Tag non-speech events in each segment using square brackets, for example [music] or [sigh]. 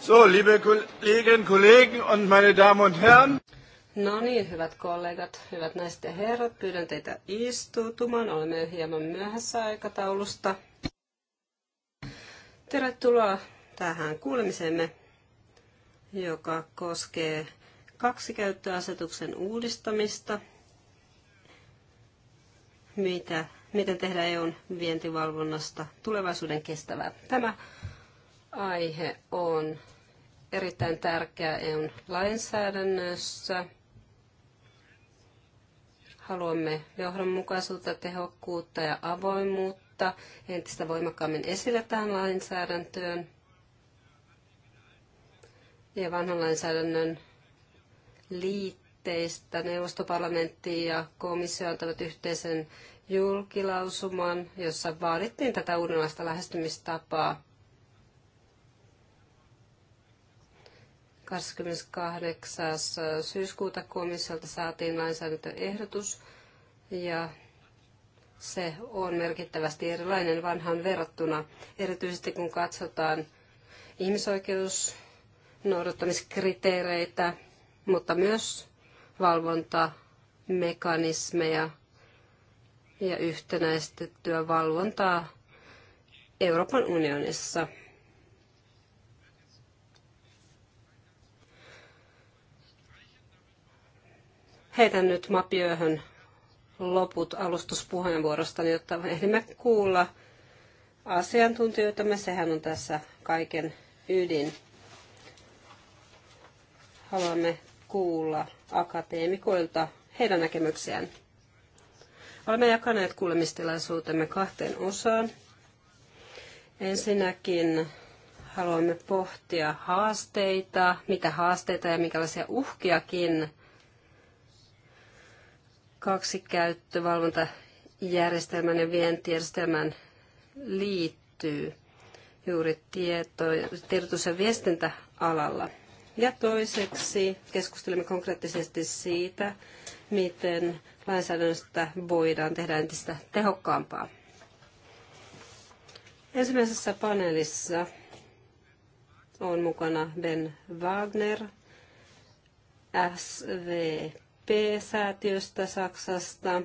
So, liebe Kolleginnen, Kollegen und meine Damen und Herren. No niin, hyvät kollegat, hyvät naiset ja herrat, pyydän teitä istutumaan, Olemme hieman myöhässä aikataulusta. Tervetuloa tähän kuulemisemme, joka koskee kaksikäyttöasetuksen uudistamista. Mitä, miten tehdä EUn vientivalvonnasta tulevaisuuden kestävää? Tämä aihe on erittäin tärkeä EUn lainsäädännössä. Haluamme johdonmukaisuutta, tehokkuutta ja avoimuutta entistä voimakkaammin esille tähän lainsäädäntöön. Ja vanhan lainsäädännön liitteistä neuvostoparlamentti ja komissio antavat yhteisen julkilausuman, jossa vaadittiin tätä uudenlaista lähestymistapaa 28. syyskuuta komissiolta saatiin lainsäädäntöehdotus ja se on merkittävästi erilainen vanhan verrattuna, erityisesti kun katsotaan ihmisoikeusnoudattamiskriteereitä, mutta myös valvontamekanismeja ja yhtenäistettyä valvontaa Euroopan unionissa. Heitän nyt mapiöhön loput alustuspuheenvuorostani, jotta ehdimme kuulla asiantuntijoitamme. Sehän on tässä kaiken ydin. Haluamme kuulla akateemikoilta heidän näkemyksiään. Olemme jakaneet kuulemistilaisuutemme kahteen osaan. Ensinnäkin haluamme pohtia haasteita, mitä haasteita ja minkälaisia uhkiakin kaksikäyttövalvontajärjestelmän ja vientijärjestelmän liittyy juuri tieto, tiedotus- ja viestintäalalla. Ja toiseksi keskustelemme konkreettisesti siitä, miten lainsäädännöstä voidaan tehdä entistä tehokkaampaa. Ensimmäisessä paneelissa on mukana Ben Wagner, SVP BP-säätiöstä Saksasta.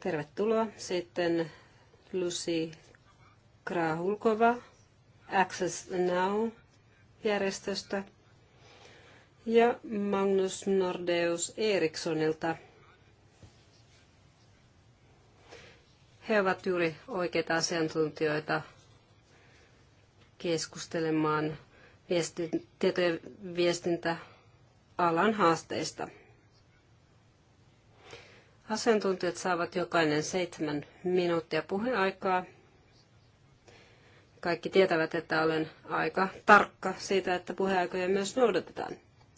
Tervetuloa. Sitten Lucy Krahulkova Access Now-järjestöstä ja Magnus Nordeus Erikssonilta. He ovat juuri oikeita asiantuntijoita keskustelemaan viestin, tietojen viestintä alan haasteista. Asiantuntijat saavat jokainen seitsemän minuuttia puheaikaa. Kaikki tietävät, että olen aika tarkka siitä, että puheaikoja myös noudatetaan.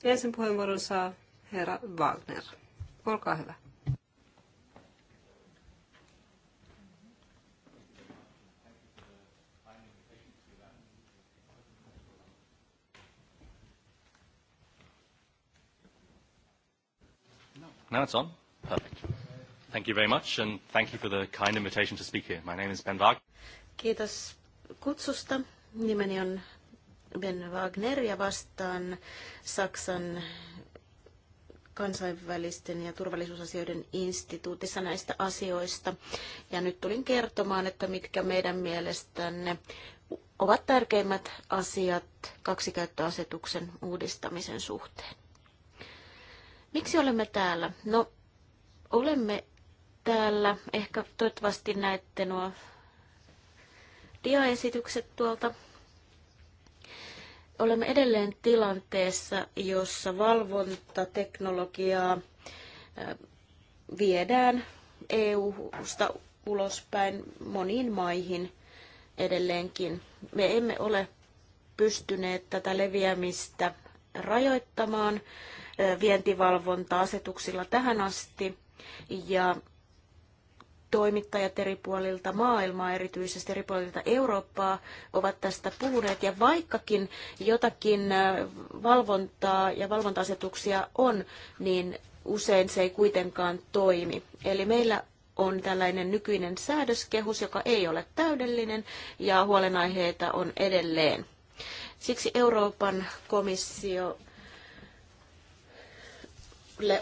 Ensin puheenvuoron saa herra Wagner. Olkaa hyvä. Now it's on? Perfect. Thank you very much and thank you for the kind invitation to speak here. My name is Ben Wagner. Kiitos kutsusta. Nimeni on Ben Wagner ja vastaan Saksan kansainvälisten ja turvallisuusasioiden instituutissa näistä asioista. Ja nyt tulin kertomaan, että mitkä meidän mielestänne ovat tärkeimmät asiat kaksikäyttöasetuksen uudistamisen suhteen. Miksi olemme täällä? No, olemme täällä. Ehkä toivottavasti näette nuo diaesitykset tuolta. Olemme edelleen tilanteessa, jossa valvontateknologiaa viedään EU-sta ulospäin moniin maihin edelleenkin. Me emme ole pystyneet tätä leviämistä rajoittamaan, vientivalvonta-asetuksilla tähän asti. Ja toimittajat eri puolilta maailmaa, erityisesti eri puolilta Eurooppaa, ovat tästä puhuneet. Ja vaikkakin jotakin valvontaa ja valvontaasetuksia on, niin usein se ei kuitenkaan toimi. Eli meillä on tällainen nykyinen säädöskehus, joka ei ole täydellinen ja huolenaiheita on edelleen. Siksi Euroopan komissio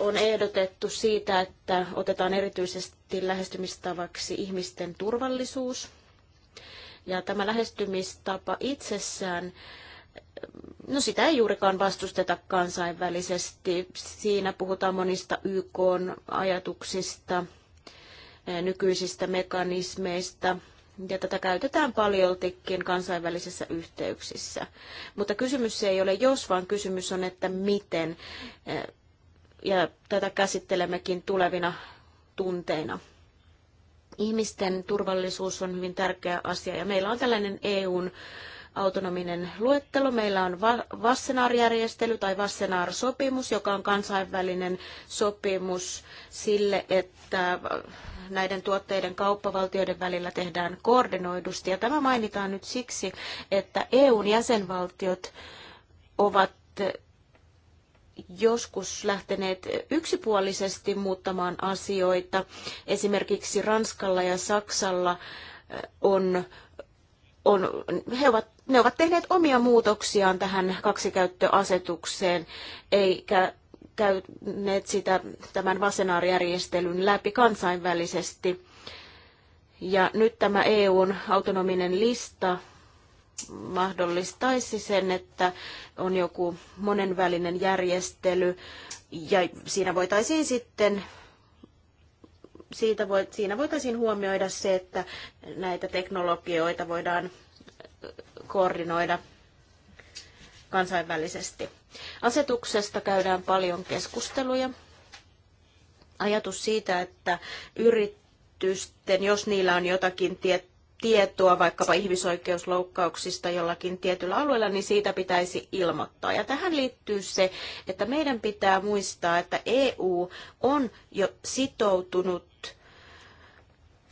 on ehdotettu siitä, että otetaan erityisesti lähestymistavaksi ihmisten turvallisuus. Ja tämä lähestymistapa itsessään, no sitä ei juurikaan vastusteta kansainvälisesti. Siinä puhutaan monista YK-ajatuksista, eh, nykyisistä mekanismeista, ja tätä käytetään paljoltikin kansainvälisissä yhteyksissä. Mutta kysymys ei ole jos, vaan kysymys on, että miten eh, ja tätä käsittelemmekin tulevina tunteina. Ihmisten turvallisuus on hyvin tärkeä asia ja meillä on tällainen EUn autonominen luettelo. Meillä on Vassenaar-järjestely tai Vassenaar-sopimus, joka on kansainvälinen sopimus sille, että näiden tuotteiden kauppavaltioiden välillä tehdään koordinoidusti. Ja tämä mainitaan nyt siksi, että EUn jäsenvaltiot ovat joskus lähteneet yksipuolisesti muuttamaan asioita. Esimerkiksi Ranskalla ja Saksalla eh, on, on he ovat, ne ovat tehneet omia muutoksiaan tähän kaksikäyttöasetukseen, eikä käyneet sitä tämän vasenaarijärjestelyn läpi kansainvälisesti. Ja nyt tämä EUn autonominen lista mahdollistaisi sen, että on joku monenvälinen järjestely ja siinä voitaisiin sitten siitä voit, siinä voitaisiin huomioida se, että näitä teknologioita voidaan koordinoida kansainvälisesti. Asetuksesta käydään paljon keskusteluja. Ajatus siitä, että yritysten, jos niillä on jotakin tiet, tietoa vaikkapa ihmisoikeusloukkauksista jollakin tietyllä alueella, niin siitä pitäisi ilmoittaa. Ja tähän liittyy se, että meidän pitää muistaa, että EU on jo sitoutunut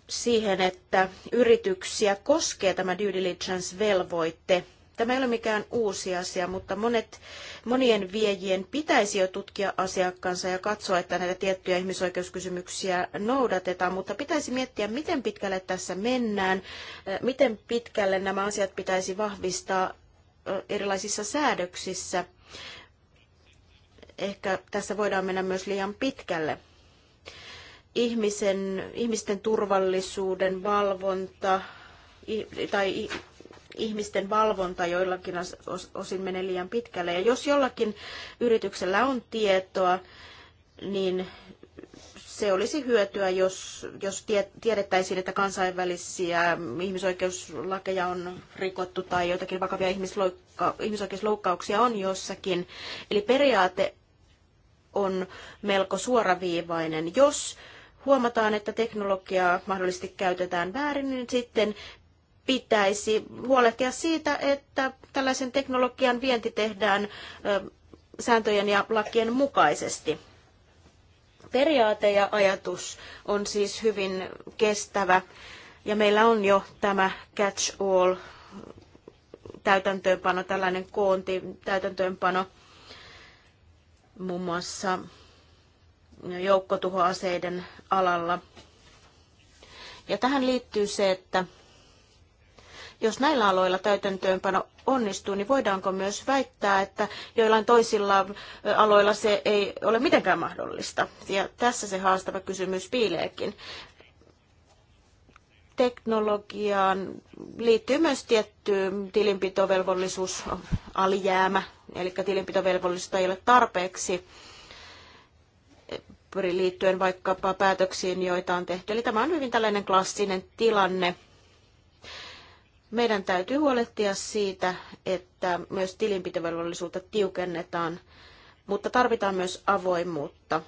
siihen, että yrityksiä koskee tämä due diligence-velvoite – Tämä ei ole mikään uusi asia, mutta monet, monien viejien pitäisi jo tutkia asiakkaansa ja katsoa, että näitä tiettyjä ihmisoikeuskysymyksiä noudatetaan, mutta pitäisi miettiä, miten pitkälle tässä mennään, eh, miten pitkälle nämä asiat pitäisi vahvistaa eh, erilaisissa säädöksissä. Ehkä tässä voidaan mennä myös liian pitkälle. Ihmisen, ihmisten turvallisuuden valvonta tai ihmisten valvonta joillakin osin menee liian pitkälle. Ja jos jollakin yrityksellä on tietoa, niin se olisi hyötyä, jos, jos tie, tiedettäisiin, että kansainvälisiä ihmisoikeuslakeja on rikottu tai jotakin vakavia ihmisloukka, ihmisoikeusloukkauksia on jossakin. Eli periaate on melko suoraviivainen. Jos huomataan, että teknologiaa mahdollisesti käytetään väärin, niin sitten pitäisi huolehtia siitä, että tällaisen teknologian vienti tehdään sääntöjen ja lakien mukaisesti. Periaate ja ajatus on siis hyvin kestävä ja meillä on jo tämä catch all täytäntöönpano, tällainen koonti täytäntöönpano muun muassa joukkotuhoaseiden alalla. Ja tähän liittyy se, että jos näillä aloilla täytäntöönpano onnistuu, niin voidaanko myös väittää, että joillain toisilla aloilla se ei ole mitenkään mahdollista? Ja tässä se haastava kysymys piileekin. Teknologiaan liittyy myös tietty tilinpitovelvollisuus, alijäämä, eli tilinpitovelvollisuutta ei ole tarpeeksi liittyen vaikkapa päätöksiin, joita on tehty. Eli tämä on hyvin tällainen klassinen tilanne, meidän täytyy huolehtia siitä, että myös tilinpitovelvollisuutta tiukennetaan, mutta tarvitaan myös avoimuutta.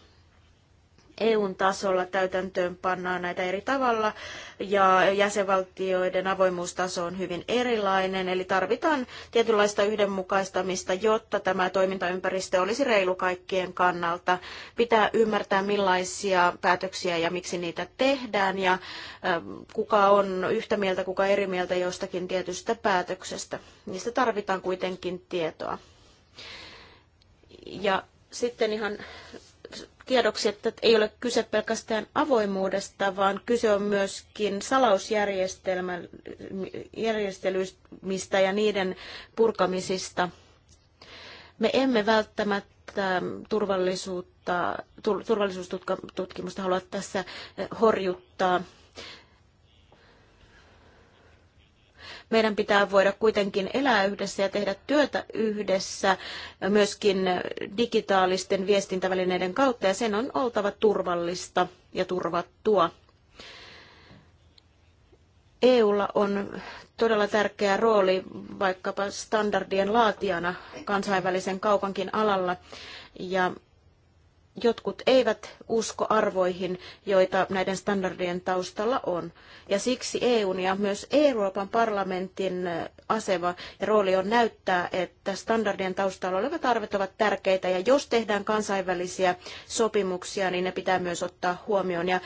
EUn tasolla täytäntöön pannaan näitä eri tavalla ja jäsenvaltioiden avoimuustaso on hyvin erilainen, eli tarvitaan tietynlaista yhdenmukaistamista, jotta tämä toimintaympäristö olisi reilu kaikkien kannalta. Pitää ymmärtää, millaisia päätöksiä ja miksi niitä tehdään ja kuka on yhtä mieltä, kuka eri mieltä jostakin tietystä päätöksestä. Niistä tarvitaan kuitenkin tietoa. Ja sitten ihan tiedoksi, että ei ole kyse pelkästään avoimuudesta, vaan kyse on myöskin salausjärjestelyistä ja niiden purkamisista. Me emme välttämättä turvallisuutta, turvallisuustutkimusta halua tässä horjuttaa, Meidän pitää voida kuitenkin elää yhdessä ja tehdä työtä yhdessä myöskin digitaalisten viestintävälineiden kautta ja sen on oltava turvallista ja turvattua. EUlla on todella tärkeä rooli vaikkapa standardien laatijana kansainvälisen kaupankin alalla ja jotkut eivät usko arvoihin, joita näiden standardien taustalla on. Ja siksi EUn ja myös Euroopan parlamentin asema ja rooli on näyttää, että standardien taustalla olevat arvet ovat tärkeitä. Ja jos tehdään kansainvälisiä sopimuksia, niin ne pitää myös ottaa huomioon. Ja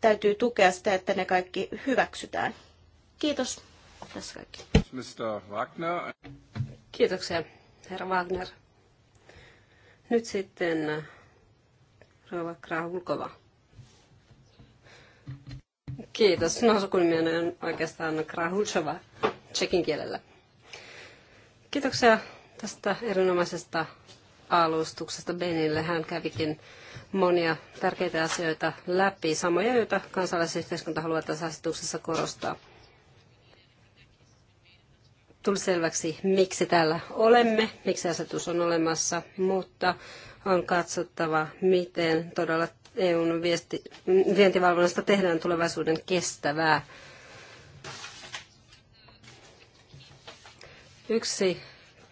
täytyy tukea sitä, että ne kaikki hyväksytään. Kiitos. Tässä kaikki. Mr. Wagner. Kiitoksia, herra Wagner. Nyt sitten Rova Krahulkova. Kiitos. No, sukunimeni on oikeastaan Krahulkova tsekin kielellä. Kiitoksia tästä erinomaisesta alustuksesta Benille. Hän kävikin monia tärkeitä asioita läpi, samoja joita kansalaisyhteiskunta haluaa tässä asetuksessa korostaa tuli selväksi, miksi täällä olemme, miksi asetus on olemassa, mutta on katsottava, miten todella EUn viesti, vientivalvonnasta tehdään tulevaisuuden kestävää. Yksi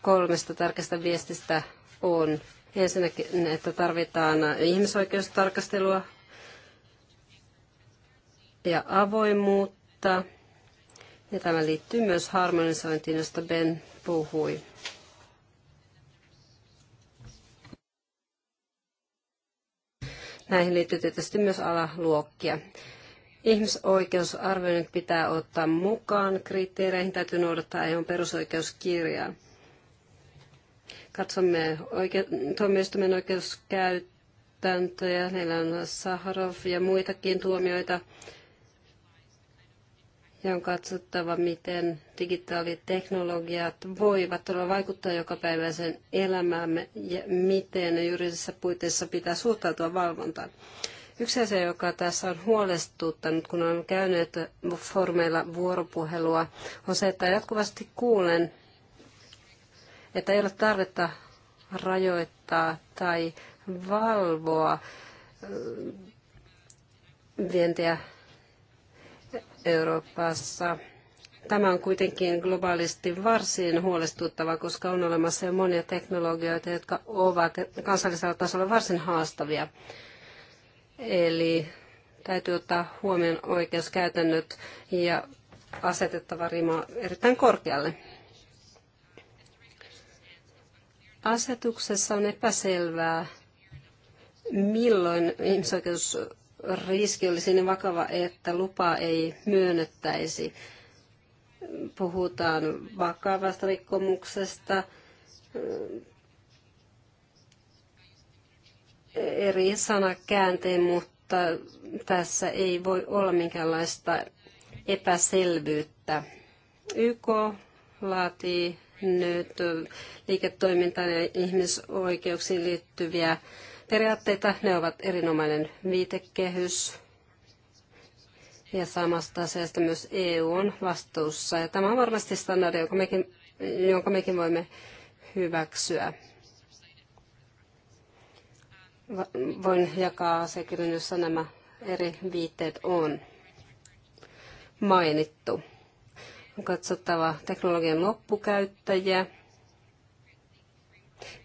kolmesta tärkeästä viestistä on ensinnäkin, että tarvitaan ihmisoikeustarkastelua ja avoimuutta ja tämä liittyy myös harmonisointiin, josta Ben puhui. Näihin liittyy tietysti myös alaluokkia. Ihmisoikeusarvioinnit pitää ottaa mukaan. Kriteereihin täytyy noudattaa EUn perusoikeuskirjaa. Katsomme oike- tuomioistuimen oikeuskäyttöä käytäntöjä. Meillä on Saharov ja muitakin tuomioita, ja on katsottava, miten digitaaliteknologiat voivat olla vaikuttaa päiväisen elämäämme ja miten juridisessa puitteissa pitää suhtautua valvontaan. Yksi asia, joka tässä on huolestuttanut, kun olen käynyt formeilla vuoropuhelua, on se, että jatkuvasti kuulen, että ei ole tarvetta rajoittaa tai valvoa vientiä Euroopassa. Tämä on kuitenkin globaalisti varsin huolestuttava, koska on olemassa jo monia teknologioita, jotka ovat kansallisella tasolla varsin haastavia. Eli täytyy ottaa huomioon oikeuskäytännöt ja asetettava rima erittäin korkealle. Asetuksessa on epäselvää, milloin ihmisoikeus riski olisi niin vakava, että lupaa ei myönnettäisi. Puhutaan vakavasta rikkomuksesta, eri sanakääntein, mutta tässä ei voi olla minkäänlaista epäselvyyttä. YK laatii nyt liiketoimintaan ja ihmisoikeuksiin liittyviä periaatteita. Ne ovat erinomainen viitekehys. Ja samasta asiasta myös EU on vastuussa. Ja tämä on varmasti standardi, jonka mekin, jonka mekin voimme hyväksyä. Voin jakaa asiakirjan, jossa nämä eri viitteet on mainittu. On katsottava teknologian loppukäyttäjiä,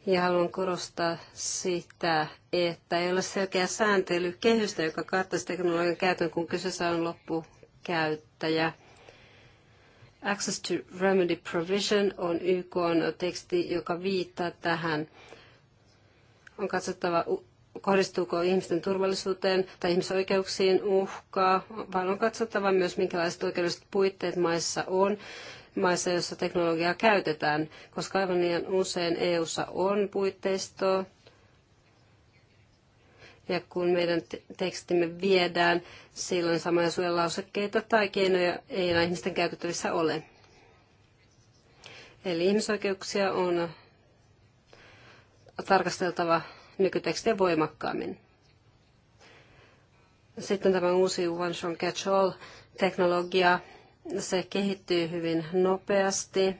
ja haluan korostaa sitä, että ei ole sääntely kehystä, joka kattaisi teknologian käytön, kun kyseessä on loppukäyttäjä. Access to Remedy Provision on YK on teksti, joka viittaa tähän. On katsottava, kohdistuuko ihmisten turvallisuuteen tai ihmisoikeuksiin uhkaa, vaan on katsottava myös, minkälaiset oikeudelliset puitteet maissa on maissa, joissa teknologiaa käytetään, koska aivan liian usein EU:ssa on puitteistoa, ja kun meidän tekstimme viedään, silloin samoja suojelausekkeita tai keinoja ei enää ihmisten käytettävissä ole. Eli ihmisoikeuksia on tarkasteltava nykytekstien voimakkaammin. Sitten tämä uusi one shot catch all teknologia se kehittyy hyvin nopeasti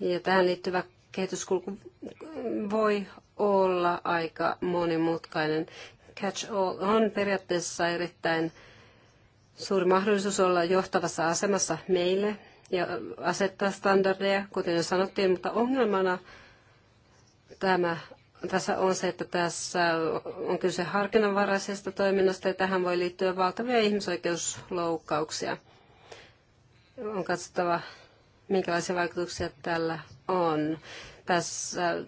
ja tähän liittyvä kehityskulku voi olla aika monimutkainen. Catch all on periaatteessa erittäin suuri mahdollisuus olla johtavassa asemassa meille ja asettaa standardeja, kuten jo sanottiin, mutta ongelmana tämä, tässä on se, että tässä on kyse harkinnanvaraisesta toiminnasta ja tähän voi liittyä valtavia ihmisoikeusloukkauksia on katsottava, minkälaisia vaikutuksia tällä on. Tässä,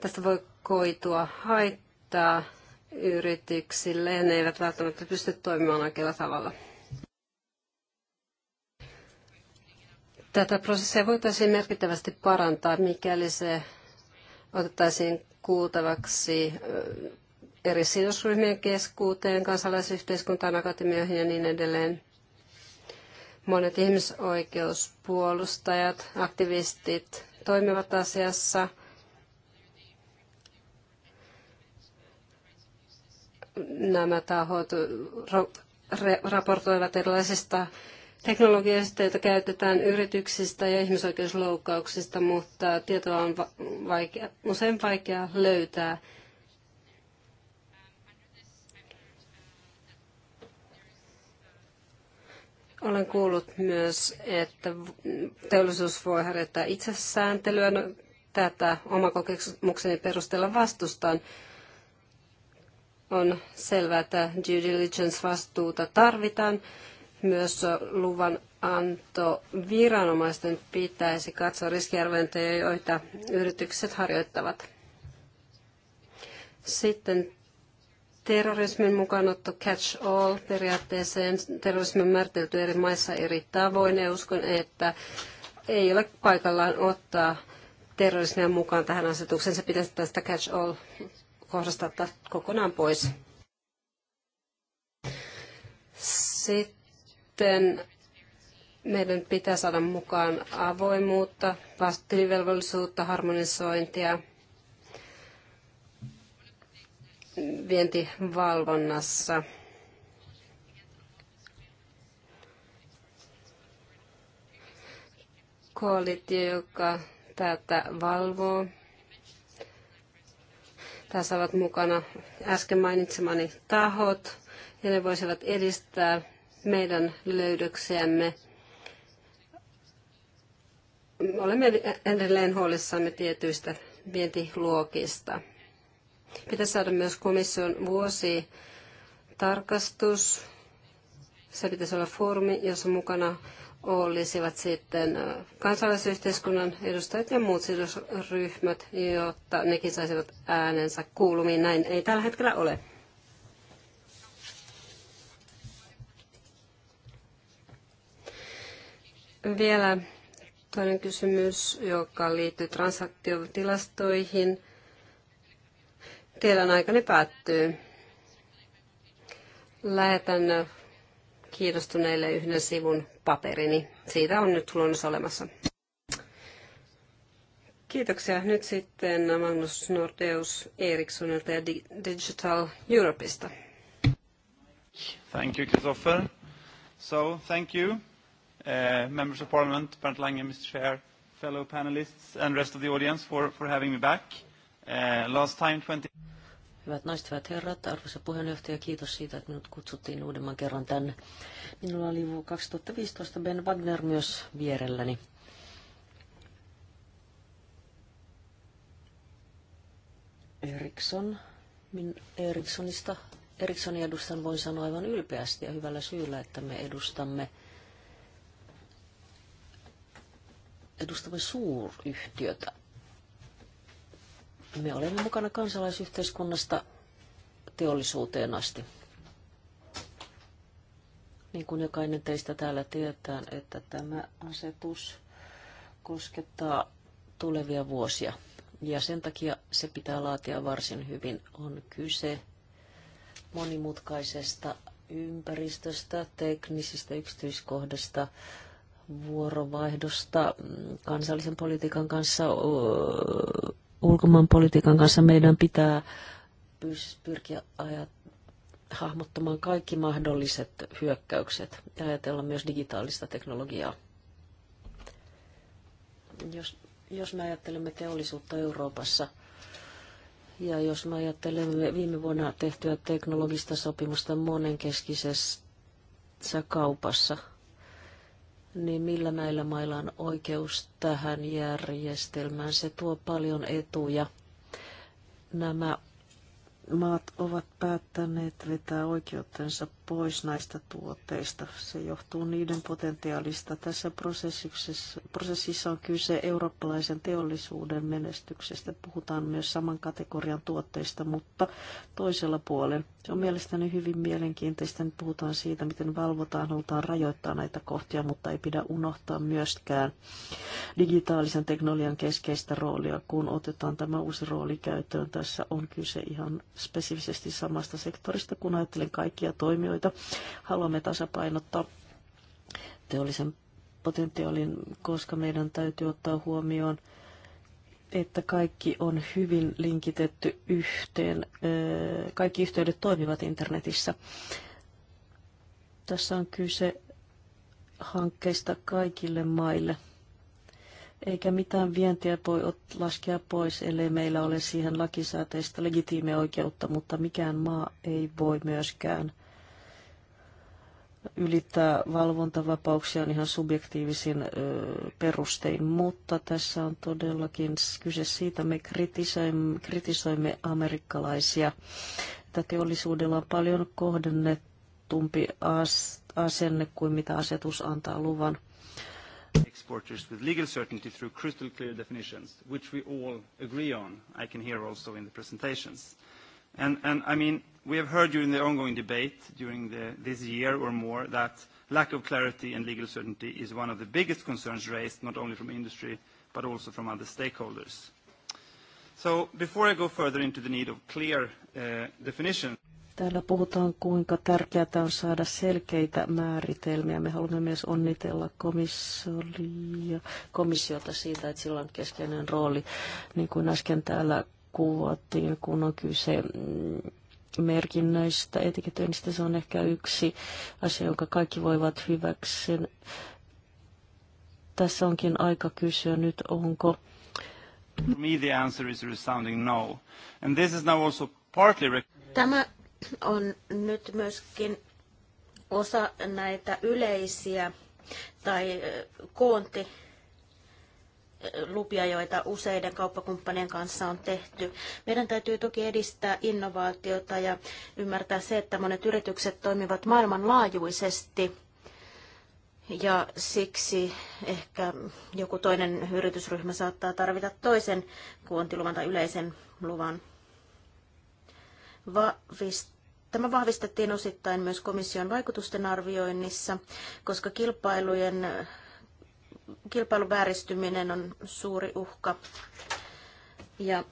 tästä voi koitua haittaa yrityksille ja ne eivät välttämättä pysty toimimaan oikealla tavalla. Tätä prosessia voitaisiin merkittävästi parantaa, mikäli se otettaisiin kuultavaksi eri sidosryhmien keskuuteen, kansalaisyhteiskuntaan, akatemioihin ja niin edelleen. Monet ihmisoikeuspuolustajat, aktivistit toimivat asiassa. Nämä tahot raportoivat erilaisista teknologioista, joita käytetään yrityksistä ja ihmisoikeusloukkauksista, mutta tietoa on vaikea, usein vaikea löytää Olen kuullut myös, että teollisuus voi harjoittaa itsesääntelyä. No, tätä oma kokemukseni perusteella vastustan. On selvää, että due diligence-vastuuta tarvitaan. Myös luvan anto viranomaisten pitäisi katsoa riskiarviointeja, joita yritykset harjoittavat. Sitten terrorismin mukaanotto catch all periaatteeseen. Terrorismi on määritelty eri maissa eri tavoin ja uskon, että ei ole paikallaan ottaa terrorismia mukaan tähän asetukseen. Se pitäisi tästä catch all kohdasta ottaa kokonaan pois. Sitten meidän pitää saada mukaan avoimuutta, vastuullivelvollisuutta, harmonisointia – vientivalvonnassa. Koalitio, joka tätä valvoo. Tässä ovat mukana äsken mainitsemani tahot, ja ne voisivat edistää meidän löydöksiämme. Olemme edelleen huolissamme tietyistä vientiluokista. Pitäisi saada myös komission vuosi tarkastus. Se pitäisi olla foorumi, jossa mukana olisivat sitten kansalaisyhteiskunnan edustajat ja muut sidosryhmät, jotta nekin saisivat äänensä kuulumiin. Näin ei tällä hetkellä ole. Vielä toinen kysymys, joka liittyy transaktiotilastoihin. Teidän aikani päättyy. Lähetän kiinnostuneille yhden sivun paperini. Siitä on nyt luonnos olemassa. Kiitoksia. Nyt sitten Magnus Nordeus Erikssonilta ja Digital Europeista. Thank you, Christopher. So, thank you, uh, members of parliament, Bernd Lange, Mr. Chair, fellow panelists, and rest of the audience for, for having me back. Uh, last time, 20... Hyvät naiset, hyvät herrat, arvoisa puheenjohtaja, kiitos siitä, että minut kutsuttiin uudemman kerran tänne. Minulla oli vuonna 2015 Ben Wagner myös vierelläni. Eriksson, min Erikssonista, Erikssonin edustan voin sanoa aivan ylpeästi ja hyvällä syyllä, että me edustamme edustamme suuryhtiötä, me olemme mukana kansalaisyhteiskunnasta teollisuuteen asti. Niin kuin jokainen teistä täällä tietää, että tämä asetus koskettaa tulevia vuosia. Ja sen takia se pitää laatia varsin hyvin. On kyse monimutkaisesta ympäristöstä, teknisistä yksityiskohdista, vuorovaihdosta mm, kansallisen politiikan kanssa, ulkomaanpolitiikan kanssa meidän pitää pyrkiä ajat, hahmottamaan kaikki mahdolliset hyökkäykset ja ajatella myös digitaalista teknologiaa. Jos, jos me ajattelemme teollisuutta Euroopassa ja jos me ajattelemme viime vuonna tehtyä teknologista sopimusta monenkeskisessä kaupassa – niin millä näillä mailla on oikeus tähän järjestelmään? Se tuo paljon etuja. Nämä maat ovat päättäneet vetää oikeutensa pois näistä tuotteista. Se johtuu niiden potentiaalista. Tässä prosessissa, prosessissa on kyse eurooppalaisen teollisuuden menestyksestä. Puhutaan myös saman kategorian tuotteista, mutta toisella puolen. Se on mielestäni hyvin mielenkiintoista. Nyt puhutaan siitä, miten valvotaan, halutaan rajoittaa näitä kohtia, mutta ei pidä unohtaa myöskään digitaalisen teknologian keskeistä roolia, kun otetaan tämä uusi rooli käyttöön. Tässä on kyse ihan spesifisesti samasta sektorista, kun ajattelen kaikkia toimijoita asioita. Haluamme tasapainottaa teollisen potentiaalin, koska meidän täytyy ottaa huomioon, että kaikki on hyvin linkitetty yhteen. Kaikki yhteydet toimivat internetissä. Tässä on kyse hankkeista kaikille maille. Eikä mitään vientiä voi laskea pois, ellei meillä ole siihen lakisääteistä legitiimiä oikeutta, mutta mikään maa ei voi myöskään – ylittää valvontavapauksia on ihan subjektiivisin ö, perustein, mutta tässä on todellakin kyse siitä, me kritisoimme, kritisoimme amerikkalaisia, että teollisuudella on paljon kohdennettumpi as, asenne kuin mitä asetus antaa luvan. Exporters with legal certainty through crystal clear definitions, which we all agree on. I can hear also in the presentations. And, and I mean, we have heard during the ongoing debate during the, this year or more that lack of clarity and legal certainty is one of the biggest concerns raised, not only from industry, but also from other stakeholders. So before I go further into the need of clear uh, definition, Täällä puhutaan, kuinka tärkeää on saada selkeitä määritelmiä. Me haluamme myös onnitella komissiota siitä, että sillä on keskeinen rooli. Niin kuin äsken täällä kuvattiin, kun on kyse mm, merkinnöistä, etiketöinnistä. Se on ehkä yksi asia, jonka kaikki voivat hyväksyä. Tässä onkin aika kysyä nyt, onko... For me the answer is resounding no. And this is now also partly... Tämä on nyt myöskin osa näitä yleisiä tai koonti lupia, joita useiden kauppakumppanien kanssa on tehty. Meidän täytyy toki edistää innovaatiota ja ymmärtää se, että monet yritykset toimivat maailmanlaajuisesti ja siksi ehkä joku toinen yritysryhmä saattaa tarvita toisen kuontiluvan tai yleisen luvan. Vahvist- Tämä vahvistettiin osittain myös komission vaikutusten arvioinnissa, koska kilpailujen kilpailuvääristyminen on suuri uhka. Ja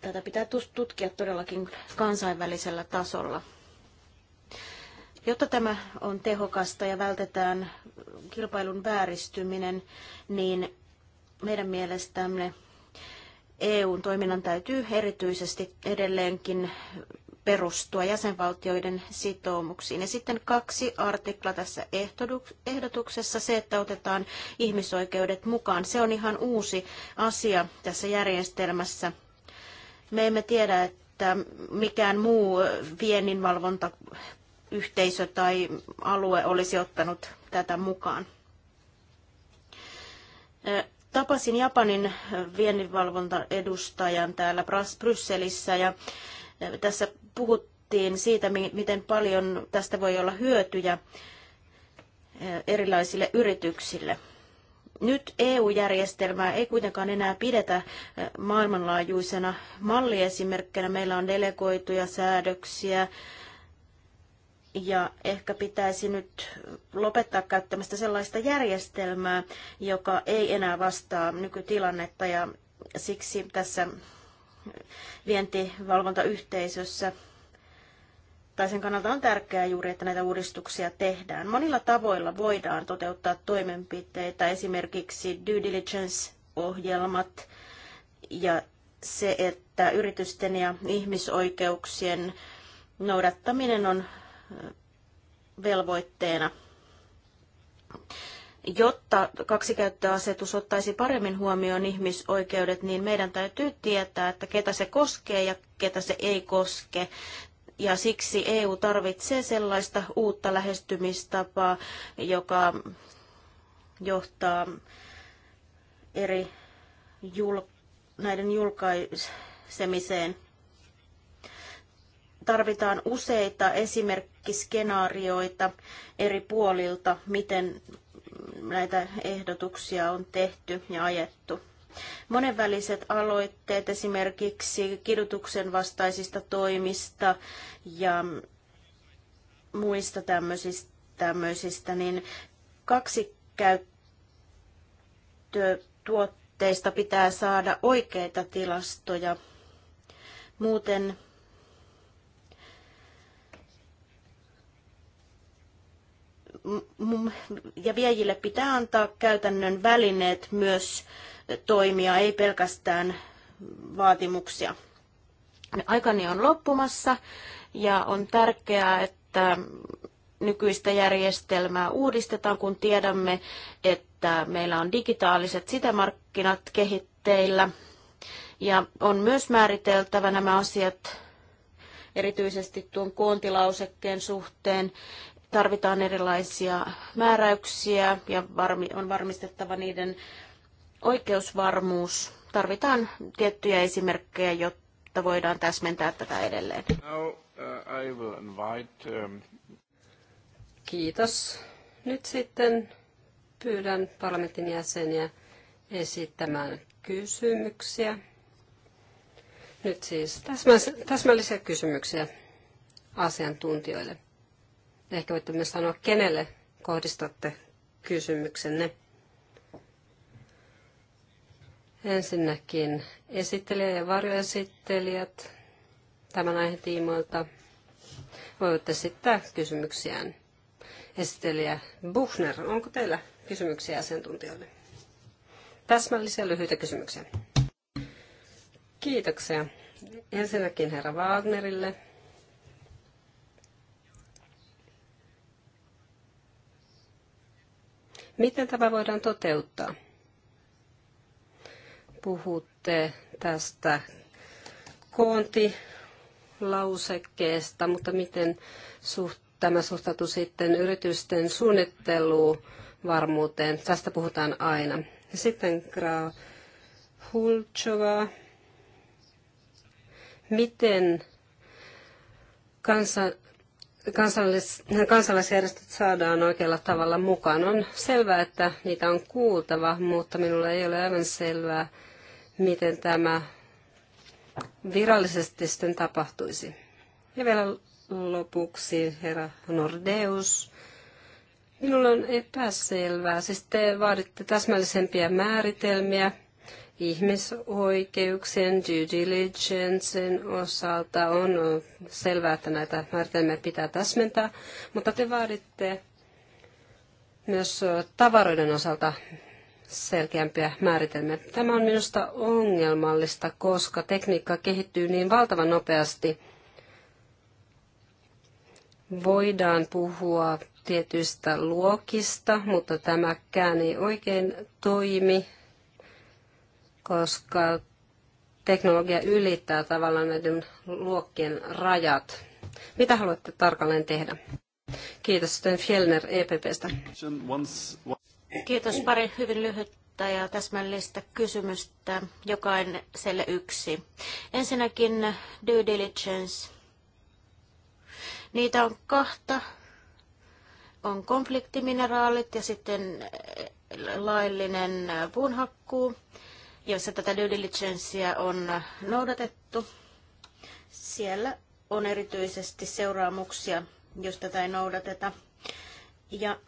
tätä pitää tutkia todellakin kansainvälisellä tasolla. Jotta tämä on tehokasta ja vältetään kilpailun vääristyminen, niin meidän mielestämme EUn toiminnan täytyy erityisesti edelleenkin perustua jäsenvaltioiden sitoumuksiin. Ja sitten kaksi artikla tässä ehdotuksessa, se, että otetaan ihmisoikeudet mukaan. Se on ihan uusi asia tässä järjestelmässä. Me emme tiedä, että mikään muu vienninvalvonta yhteisö tai alue olisi ottanut tätä mukaan. Tapasin Japanin vienninvalvontaedustajan täällä Brysselissä ja tässä puhuttiin siitä, miten paljon tästä voi olla hyötyjä eh, erilaisille yrityksille. Nyt EU-järjestelmää ei kuitenkaan enää pidetä eh, maailmanlaajuisena malliesimerkkinä. Meillä on delegoituja säädöksiä ja ehkä pitäisi nyt lopettaa käyttämästä sellaista järjestelmää, joka ei enää vastaa nykytilannetta ja siksi tässä vientivalvontayhteisössä. Tai sen kannalta on tärkeää juuri, että näitä uudistuksia tehdään. Monilla tavoilla voidaan toteuttaa toimenpiteitä, esimerkiksi due diligence-ohjelmat ja se, että yritysten ja ihmisoikeuksien noudattaminen on velvoitteena. Jotta kaksikäyttöasetus ottaisi paremmin huomioon ihmisoikeudet, niin meidän täytyy tietää, että ketä se koskee ja ketä se ei koske. Ja siksi EU tarvitsee sellaista uutta lähestymistapaa, joka johtaa eri jul- näiden julkaisemiseen. Tarvitaan useita esimerkkiskenaarioita eri puolilta, miten näitä ehdotuksia on tehty ja ajettu. Monenväliset aloitteet esimerkiksi kidutuksen vastaisista toimista ja muista tämmöisistä, tämmöisistä niin kaksi käyttötuotteista pitää saada oikeita tilastoja. Muuten ja viejille pitää antaa käytännön välineet myös toimia, ei pelkästään vaatimuksia. Aikani on loppumassa ja on tärkeää, että nykyistä järjestelmää uudistetaan, kun tiedämme, että meillä on digitaaliset sitemarkkinat kehitteillä. Ja on myös määriteltävä nämä asiat erityisesti tuon koontilausekkeen suhteen tarvitaan erilaisia määräyksiä ja on varmistettava niiden oikeusvarmuus. Tarvitaan tiettyjä esimerkkejä, jotta voidaan täsmentää tätä edelleen. Now, uh, invite, um... Kiitos. Nyt sitten pyydän parlamentin jäseniä esittämään kysymyksiä. Nyt siis täsmällisiä kysymyksiä asiantuntijoille. Ehkä voitte myös sanoa, kenelle kohdistatte kysymyksenne. Ensinnäkin esittelijä ja varjoesittelijät tämän aiheen tiimoilta voivat esittää kysymyksiään. Esittelijä Buchner, onko teillä kysymyksiä asiantuntijoille? Täsmällisiä lyhyitä kysymyksiä. Kiitoksia. Ensinnäkin herra Wagnerille Miten tämä voidaan toteuttaa? Puhutte tästä koontilausekkeesta, mutta miten suht, tämä suhtautuu sitten yritysten suunnitteluvarmuuteen? Tästä puhutaan aina. Ja sitten Grau Hulchova. Miten kansan, kansallis, kansalaisjärjestöt saadaan oikealla tavalla mukaan. On selvää, että niitä on kuultava, mutta minulle ei ole aivan selvää, miten tämä virallisesti sitten tapahtuisi. Ja vielä lopuksi herra Nordeus. Minulla on epäselvää. Siis te vaaditte täsmällisempiä määritelmiä ihmisoikeuksien, due diligencen osalta on selvää, että näitä määritelmiä pitää täsmentää, mutta te vaaditte myös tavaroiden osalta selkeämpiä määritelmiä. Tämä on minusta ongelmallista, koska tekniikka kehittyy niin valtavan nopeasti. Voidaan puhua tietyistä luokista, mutta tämäkään ei oikein toimi koska teknologia ylittää tavallaan näiden luokkien rajat. Mitä haluatte tarkalleen tehdä? Kiitos Sten Fjellner EPPstä. Kiitos pari hyvin lyhyttä ja täsmällistä kysymystä, jokaiselle yksi. Ensinnäkin due diligence. Niitä on kahta. On konfliktimineraalit ja sitten laillinen puunhakkuu joissa tätä due diligenceä on noudatettu. Siellä on erityisesti seuraamuksia, jos tätä ei noudateta. Ja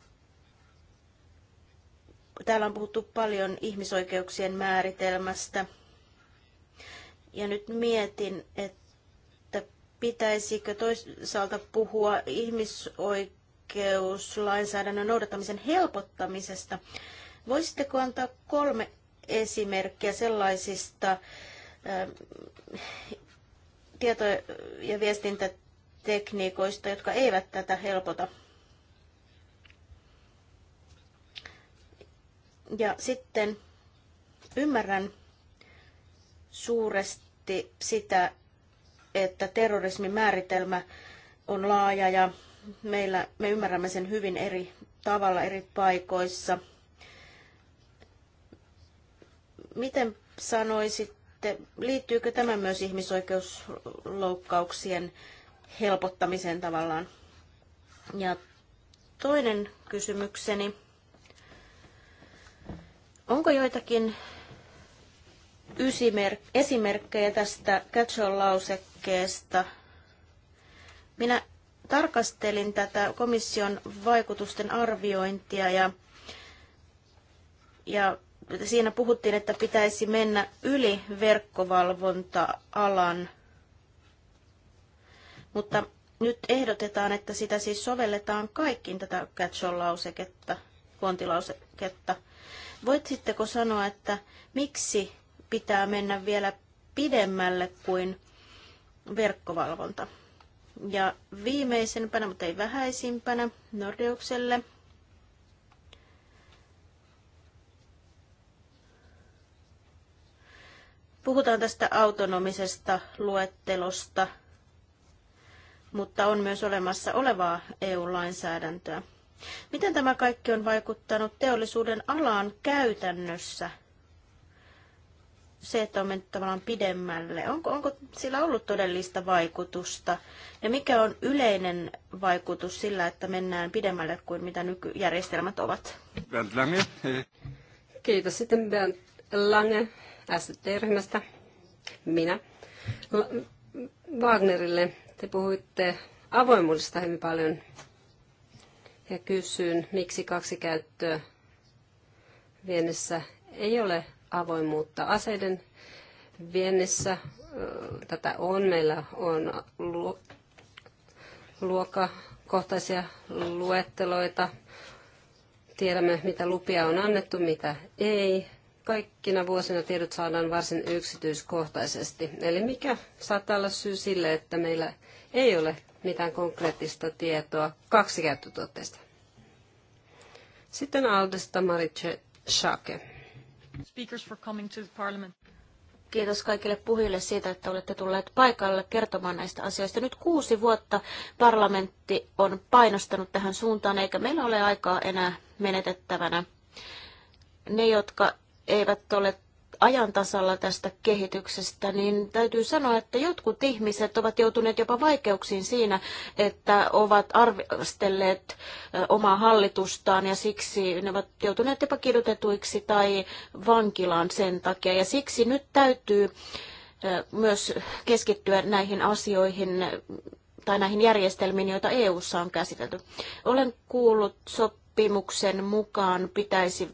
täällä on puhuttu paljon ihmisoikeuksien määritelmästä. Ja nyt mietin, että pitäisikö toisaalta puhua ihmisoikeuslainsäädännön noudattamisen helpottamisesta. Voisitteko antaa kolme esimerkkejä sellaisista ähm, tieto- ja viestintätekniikoista, jotka eivät tätä helpota. Ja sitten ymmärrän suuresti sitä, että terrorismin määritelmä on laaja ja meillä, me ymmärrämme sen hyvin eri tavalla eri paikoissa – Miten sanoisitte, liittyykö tämä myös ihmisoikeusloukkauksien helpottamiseen tavallaan? Ja toinen kysymykseni. Onko joitakin esimerkkejä tästä catch-all-lausekkeesta? Minä tarkastelin tätä komission vaikutusten arviointia ja, ja siinä puhuttiin, että pitäisi mennä yli verkkovalvonta-alan, mutta nyt ehdotetaan, että sitä siis sovelletaan kaikkiin tätä catch lauseketta kontilauseketta. Voitsitteko sanoa, että miksi pitää mennä vielä pidemmälle kuin verkkovalvonta? Ja viimeisempänä, mutta ei vähäisimpänä, Nordeukselle – Puhutaan tästä autonomisesta luettelosta, mutta on myös olemassa olevaa EU-lainsäädäntöä. Miten tämä kaikki on vaikuttanut teollisuuden alaan käytännössä? Se, että on mennyt tavallaan pidemmälle. Onko, onko sillä ollut todellista vaikutusta? Ja mikä on yleinen vaikutus sillä, että mennään pidemmälle kuin mitä nykyjärjestelmät ovat? Bernd Lange. Kiitos. Sitten Bernd Lange ST-ryhmästä, minä, Wagnerille. Te puhuitte avoimuudesta hyvin paljon ja kysyn, miksi kaksi käyttöä viennissä ei ole avoimuutta. Aseiden viennissä tätä on. Meillä on luokakohtaisia luetteloita. Tiedämme, mitä lupia on annettu, mitä ei kaikkina vuosina tiedot saadaan varsin yksityiskohtaisesti. Eli mikä saattaa olla syy sille, että meillä ei ole mitään konkreettista tietoa kaksikäyttötuotteista? Sitten Aldesta Maritse Schake. Speakers for coming to the parliament. Kiitos kaikille puhujille siitä, että olette tulleet paikalle kertomaan näistä asioista. Nyt kuusi vuotta parlamentti on painostanut tähän suuntaan, eikä meillä ole aikaa enää menetettävänä. Ne, jotka eivät ole ajan tasalla tästä kehityksestä, niin täytyy sanoa, että jotkut ihmiset ovat joutuneet jopa vaikeuksiin siinä, että ovat arvostelleet omaa hallitustaan ja siksi ne ovat joutuneet jopa kidutetuiksi tai vankilaan sen takia. Ja siksi nyt täytyy myös keskittyä näihin asioihin tai näihin järjestelmiin, joita EU:ssa on käsitelty. Olen kuullut sopimuksen mukaan pitäisi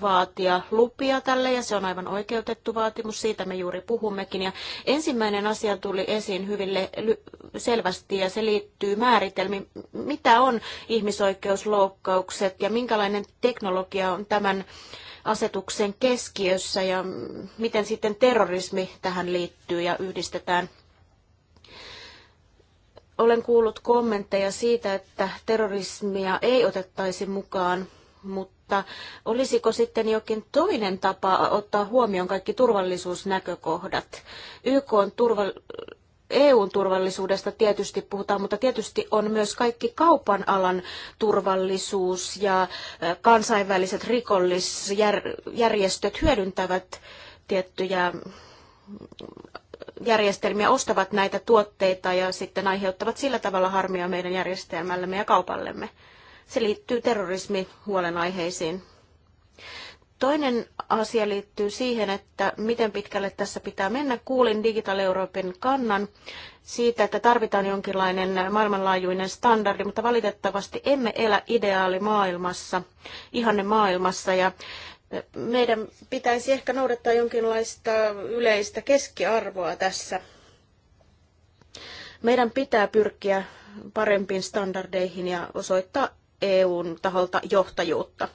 vaatia lupia tälle ja se on aivan oikeutettu vaatimus, siitä me juuri puhummekin. Ja ensimmäinen asia tuli esiin hyvin selvästi ja se liittyy määritelmiin, mitä on ihmisoikeusloukkaukset ja minkälainen teknologia on tämän asetuksen keskiössä ja miten sitten terrorismi tähän liittyy ja yhdistetään olen kuullut kommentteja siitä, että terrorismia ei otettaisi mukaan, mutta mutta olisiko sitten jokin toinen tapa ottaa huomioon kaikki turvallisuusnäkökohdat? YK on turva, EUn turvallisuudesta tietysti puhutaan, mutta tietysti on myös kaikki kaupan alan turvallisuus ja kansainväliset rikollisjärjestöt hyödyntävät tiettyjä järjestelmiä, ostavat näitä tuotteita ja sitten aiheuttavat sillä tavalla harmia meidän järjestelmällemme ja kaupallemme. Se liittyy terrorismihuolenaiheisiin. Toinen asia liittyy siihen, että miten pitkälle tässä pitää mennä. Kuulin Digital European kannan siitä, että tarvitaan jonkinlainen maailmanlaajuinen standardi, mutta valitettavasti emme elä ideaalimaailmassa, ihanne maailmassa. Ja meidän pitäisi ehkä noudattaa jonkinlaista yleistä keskiarvoa tässä. Meidän pitää pyrkiä parempiin standardeihin ja osoittaa EUn taholta johtajuutta.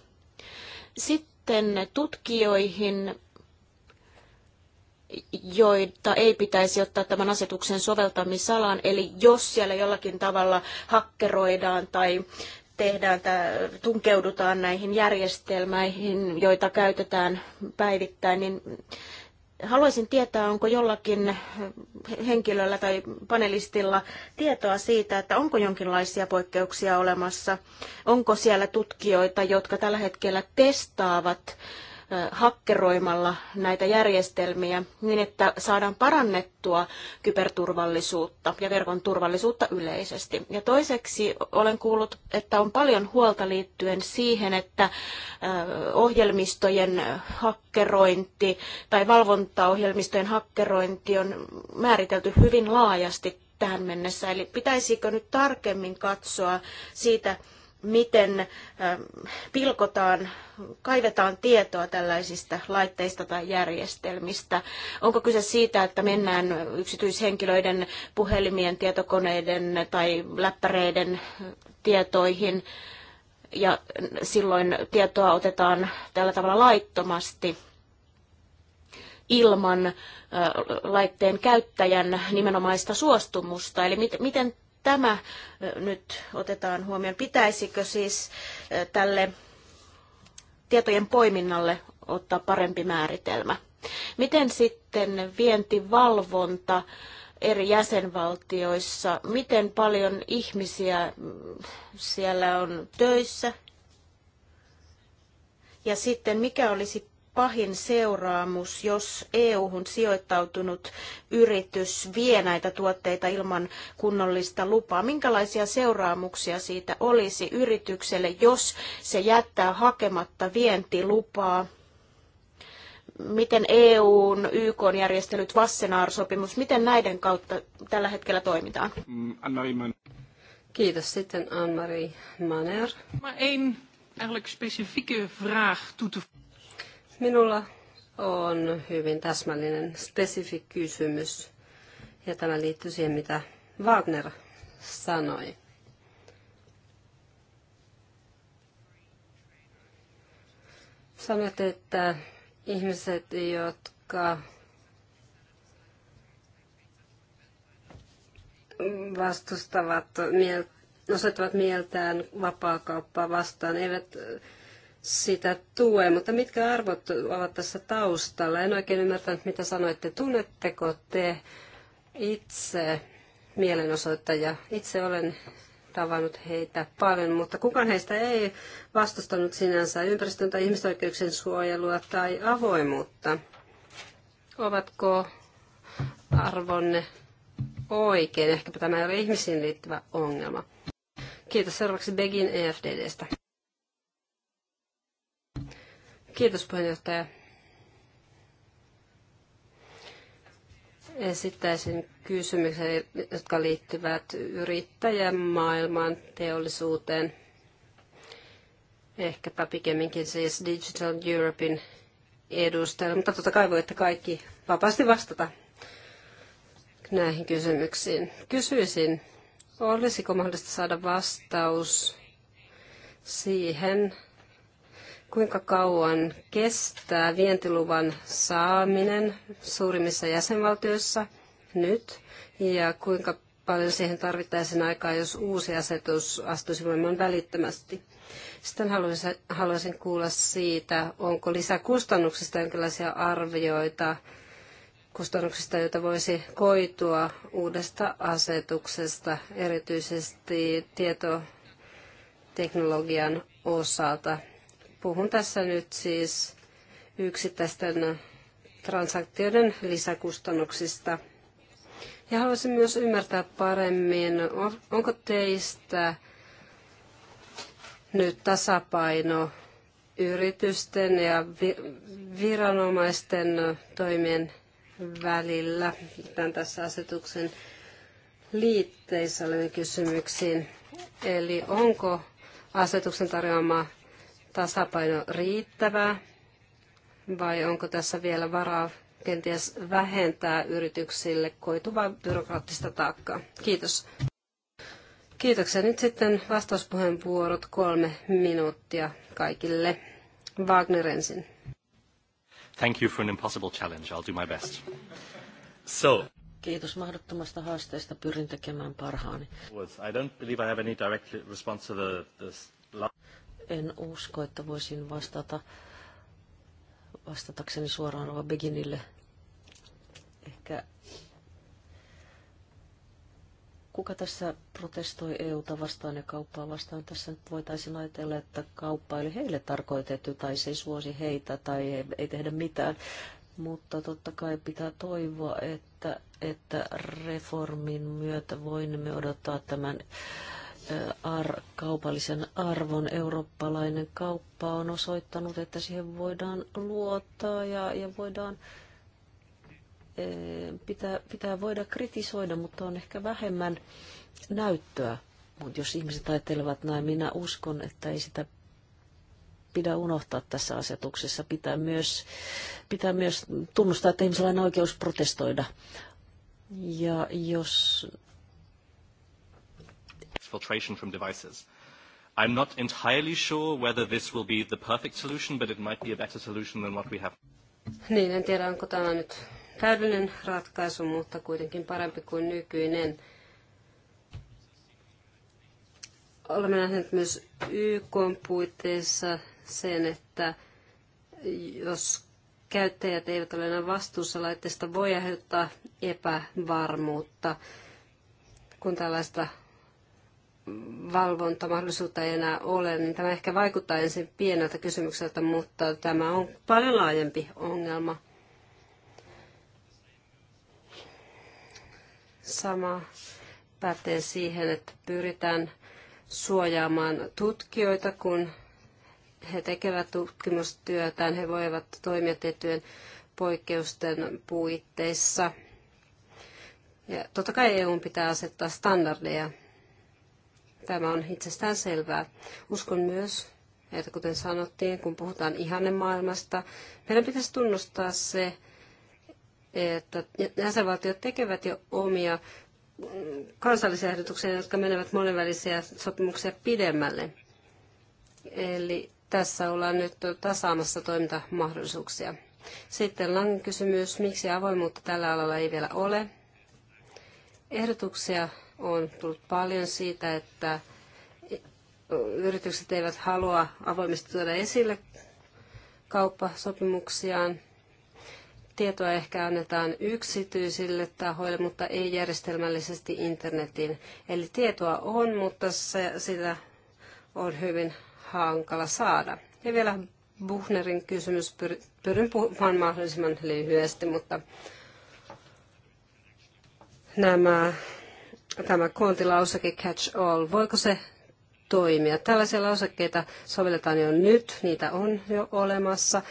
Sitten tutkijoihin, joita ei pitäisi ottaa tämän asetuksen soveltamisalaan, eli jos siellä jollakin tavalla hakkeroidaan tai tehdään, tunkeudutaan näihin järjestelmäihin, joita käytetään päivittäin, niin Haluaisin tietää, onko jollakin henkilöllä tai panelistilla tietoa siitä, että onko jonkinlaisia poikkeuksia olemassa. Onko siellä tutkijoita, jotka tällä hetkellä testaavat hakkeroimalla näitä järjestelmiä niin, että saadaan parannettua kyberturvallisuutta ja verkon turvallisuutta yleisesti. Ja toiseksi olen kuullut, että on paljon huolta liittyen siihen, että ohjelmistojen hakkerointi tai valvontaohjelmistojen hakkerointi on määritelty hyvin laajasti tähän mennessä. Eli pitäisikö nyt tarkemmin katsoa siitä, miten pilkotaan, kaivetaan tietoa tällaisista laitteista tai järjestelmistä? Onko kyse siitä, että mennään yksityishenkilöiden puhelimien, tietokoneiden tai läppäreiden tietoihin ja silloin tietoa otetaan tällä tavalla laittomasti ilman laitteen käyttäjän nimenomaista suostumusta. Eli miten tämä nyt otetaan huomioon? Pitäisikö siis tälle tietojen poiminnalle ottaa parempi määritelmä? Miten sitten vientivalvonta eri jäsenvaltioissa, miten paljon ihmisiä siellä on töissä? Ja sitten mikä olisi pahin seuraamus, jos EU-hun sijoittautunut yritys vie näitä tuotteita ilman kunnollista lupaa? Minkälaisia seuraamuksia siitä olisi yritykselle, jos se jättää hakematta vientilupaa? Miten EUn YK-järjestelyt, Vassenaar-sopimus, miten näiden kautta tällä hetkellä toimitaan? Mm, Kiitos. Sitten Anne-Marie Maner. Maar één eigenlijk specifieke vraag toe te Minulla on hyvin täsmällinen spesifi kysymys ja tämä liittyy siihen, mitä Wagner sanoi. Sanoit, että ihmiset, jotka vastustavat, osoittavat mieltään vapaakauppaa vastaan, eivät sitä tue, mutta mitkä arvot ovat tässä taustalla? En oikein ymmärtänyt, mitä sanoitte. Tunnetteko te itse mielenosoittajia? Itse olen tavannut heitä paljon, mutta kukaan heistä ei vastustanut sinänsä ympäristön tai ihmisoikeuksien suojelua tai avoimuutta. Ovatko arvonne oikein? Ehkäpä tämä ei ole ihmisiin liittyvä ongelma. Kiitos seuraavaksi Begin EFDDstä. Kiitos puheenjohtaja. Esittäisin kysymyksiä, jotka liittyvät maailmaan, teollisuuteen, ehkäpä pikemminkin siis Digital Europein edustajalle, mutta totta kai voitte kaikki vapaasti vastata näihin kysymyksiin. Kysyisin, olisiko mahdollista saada vastaus siihen, kuinka kauan kestää vientiluvan saaminen suurimmissa jäsenvaltioissa nyt ja kuinka paljon siihen tarvittaisiin aikaa, jos uusi asetus astuisi voimaan välittömästi. Sitten haluaisin, haluaisin kuulla siitä, onko lisäkustannuksista jonkinlaisia arvioita kustannuksista, joita voisi koitua uudesta asetuksesta, erityisesti tietoteknologian osalta. Puhun tässä nyt siis yksittäisten transaktioiden lisäkustannuksista. Ja haluaisin myös ymmärtää paremmin, onko teistä nyt tasapaino yritysten ja viranomaisten toimien välillä. Tämän tässä asetuksen liitteissä oleviin kysymyksiin. Eli onko asetuksen tarjoama tasapaino riittävä vai onko tässä vielä varaa kenties vähentää yrityksille koituvaa byrokraattista taakkaa? Kiitos. Kiitoksia. Nyt sitten vastauspuheenvuorot kolme minuuttia kaikille. Wagner ensin. Thank you for an impossible challenge. I'll do my best. So. Kiitos mahdottomasta haasteesta. Pyrin tekemään parhaani. I don't believe I have any direct response to the, en usko, että voisin vastata vastatakseni suoraan Rova Beginille. Ehkä kuka tässä protestoi EUta vastaan ja kauppaa vastaan? Tässä nyt voitaisiin ajatella, että kauppa oli heille tarkoitettu tai se ei suosi heitä tai ei, ei tehdä mitään. Mutta totta kai pitää toivoa, että, että reformin myötä voimme odottaa tämän ar- kaupallisen arvon. Eurooppalainen kauppa on osoittanut, että siihen voidaan luottaa ja, ja voidaan pitää, pitää voida kritisoida, mutta on ehkä vähemmän näyttöä. Mutta jos ihmiset ajattelevat näin, minä uskon, että ei sitä pidä unohtaa tässä asetuksessa. Pitää myös, pitää myös tunnustaa, että ihmisellä on oikeus protestoida. Ja jos exfiltration from devices. I'm not entirely sure whether this will be the perfect solution, but it might be a better solution than what we have. Niin, en tiedä, onko tämä nyt täydellinen ratkaisu, mutta kuitenkin parempi kuin nykyinen. Olemme nähneet myös YK puitteissa sen, että jos käyttäjät eivät ole enää vastuussa laitteesta, voi aiheuttaa epävarmuutta, kun tällaista valvontamahdollisuutta ei enää ole, niin tämä ehkä vaikuttaa ensin pieneltä kysymykseltä, mutta tämä on paljon laajempi ongelma. Sama pätee siihen, että pyritään suojaamaan tutkijoita, kun he tekevät tutkimustyötään, he voivat toimia tiettyjen poikkeusten puitteissa. Ja totta kai EU pitää asettaa standardeja Tämä on itsestään selvää. Uskon myös, että kuten sanottiin, kun puhutaan maailmasta, meidän pitäisi tunnustaa se, että jäsenvaltiot tekevät jo omia mm, kansallisia ehdotuksia, jotka menevät monenvälisiä sopimuksia pidemmälle. Eli tässä ollaan nyt tasaamassa toimintamahdollisuuksia. Sitten langin kysymys, miksi avoimuutta tällä alalla ei vielä ole. Ehdotuksia on tullut paljon siitä, että yritykset eivät halua avoimesti tuoda esille kauppasopimuksiaan. Tietoa ehkä annetaan yksityisille tahoille, mutta ei järjestelmällisesti internetin. Eli tietoa on, mutta se, sitä on hyvin hankala saada. Ja vielä Buchnerin kysymys. Pyrin puhumaan mahdollisimman lyhyesti, mutta nämä tämä koontilausake catch all, voiko se toimia? Tällaisia lausakkeita sovelletaan jo nyt, niitä on jo olemassa.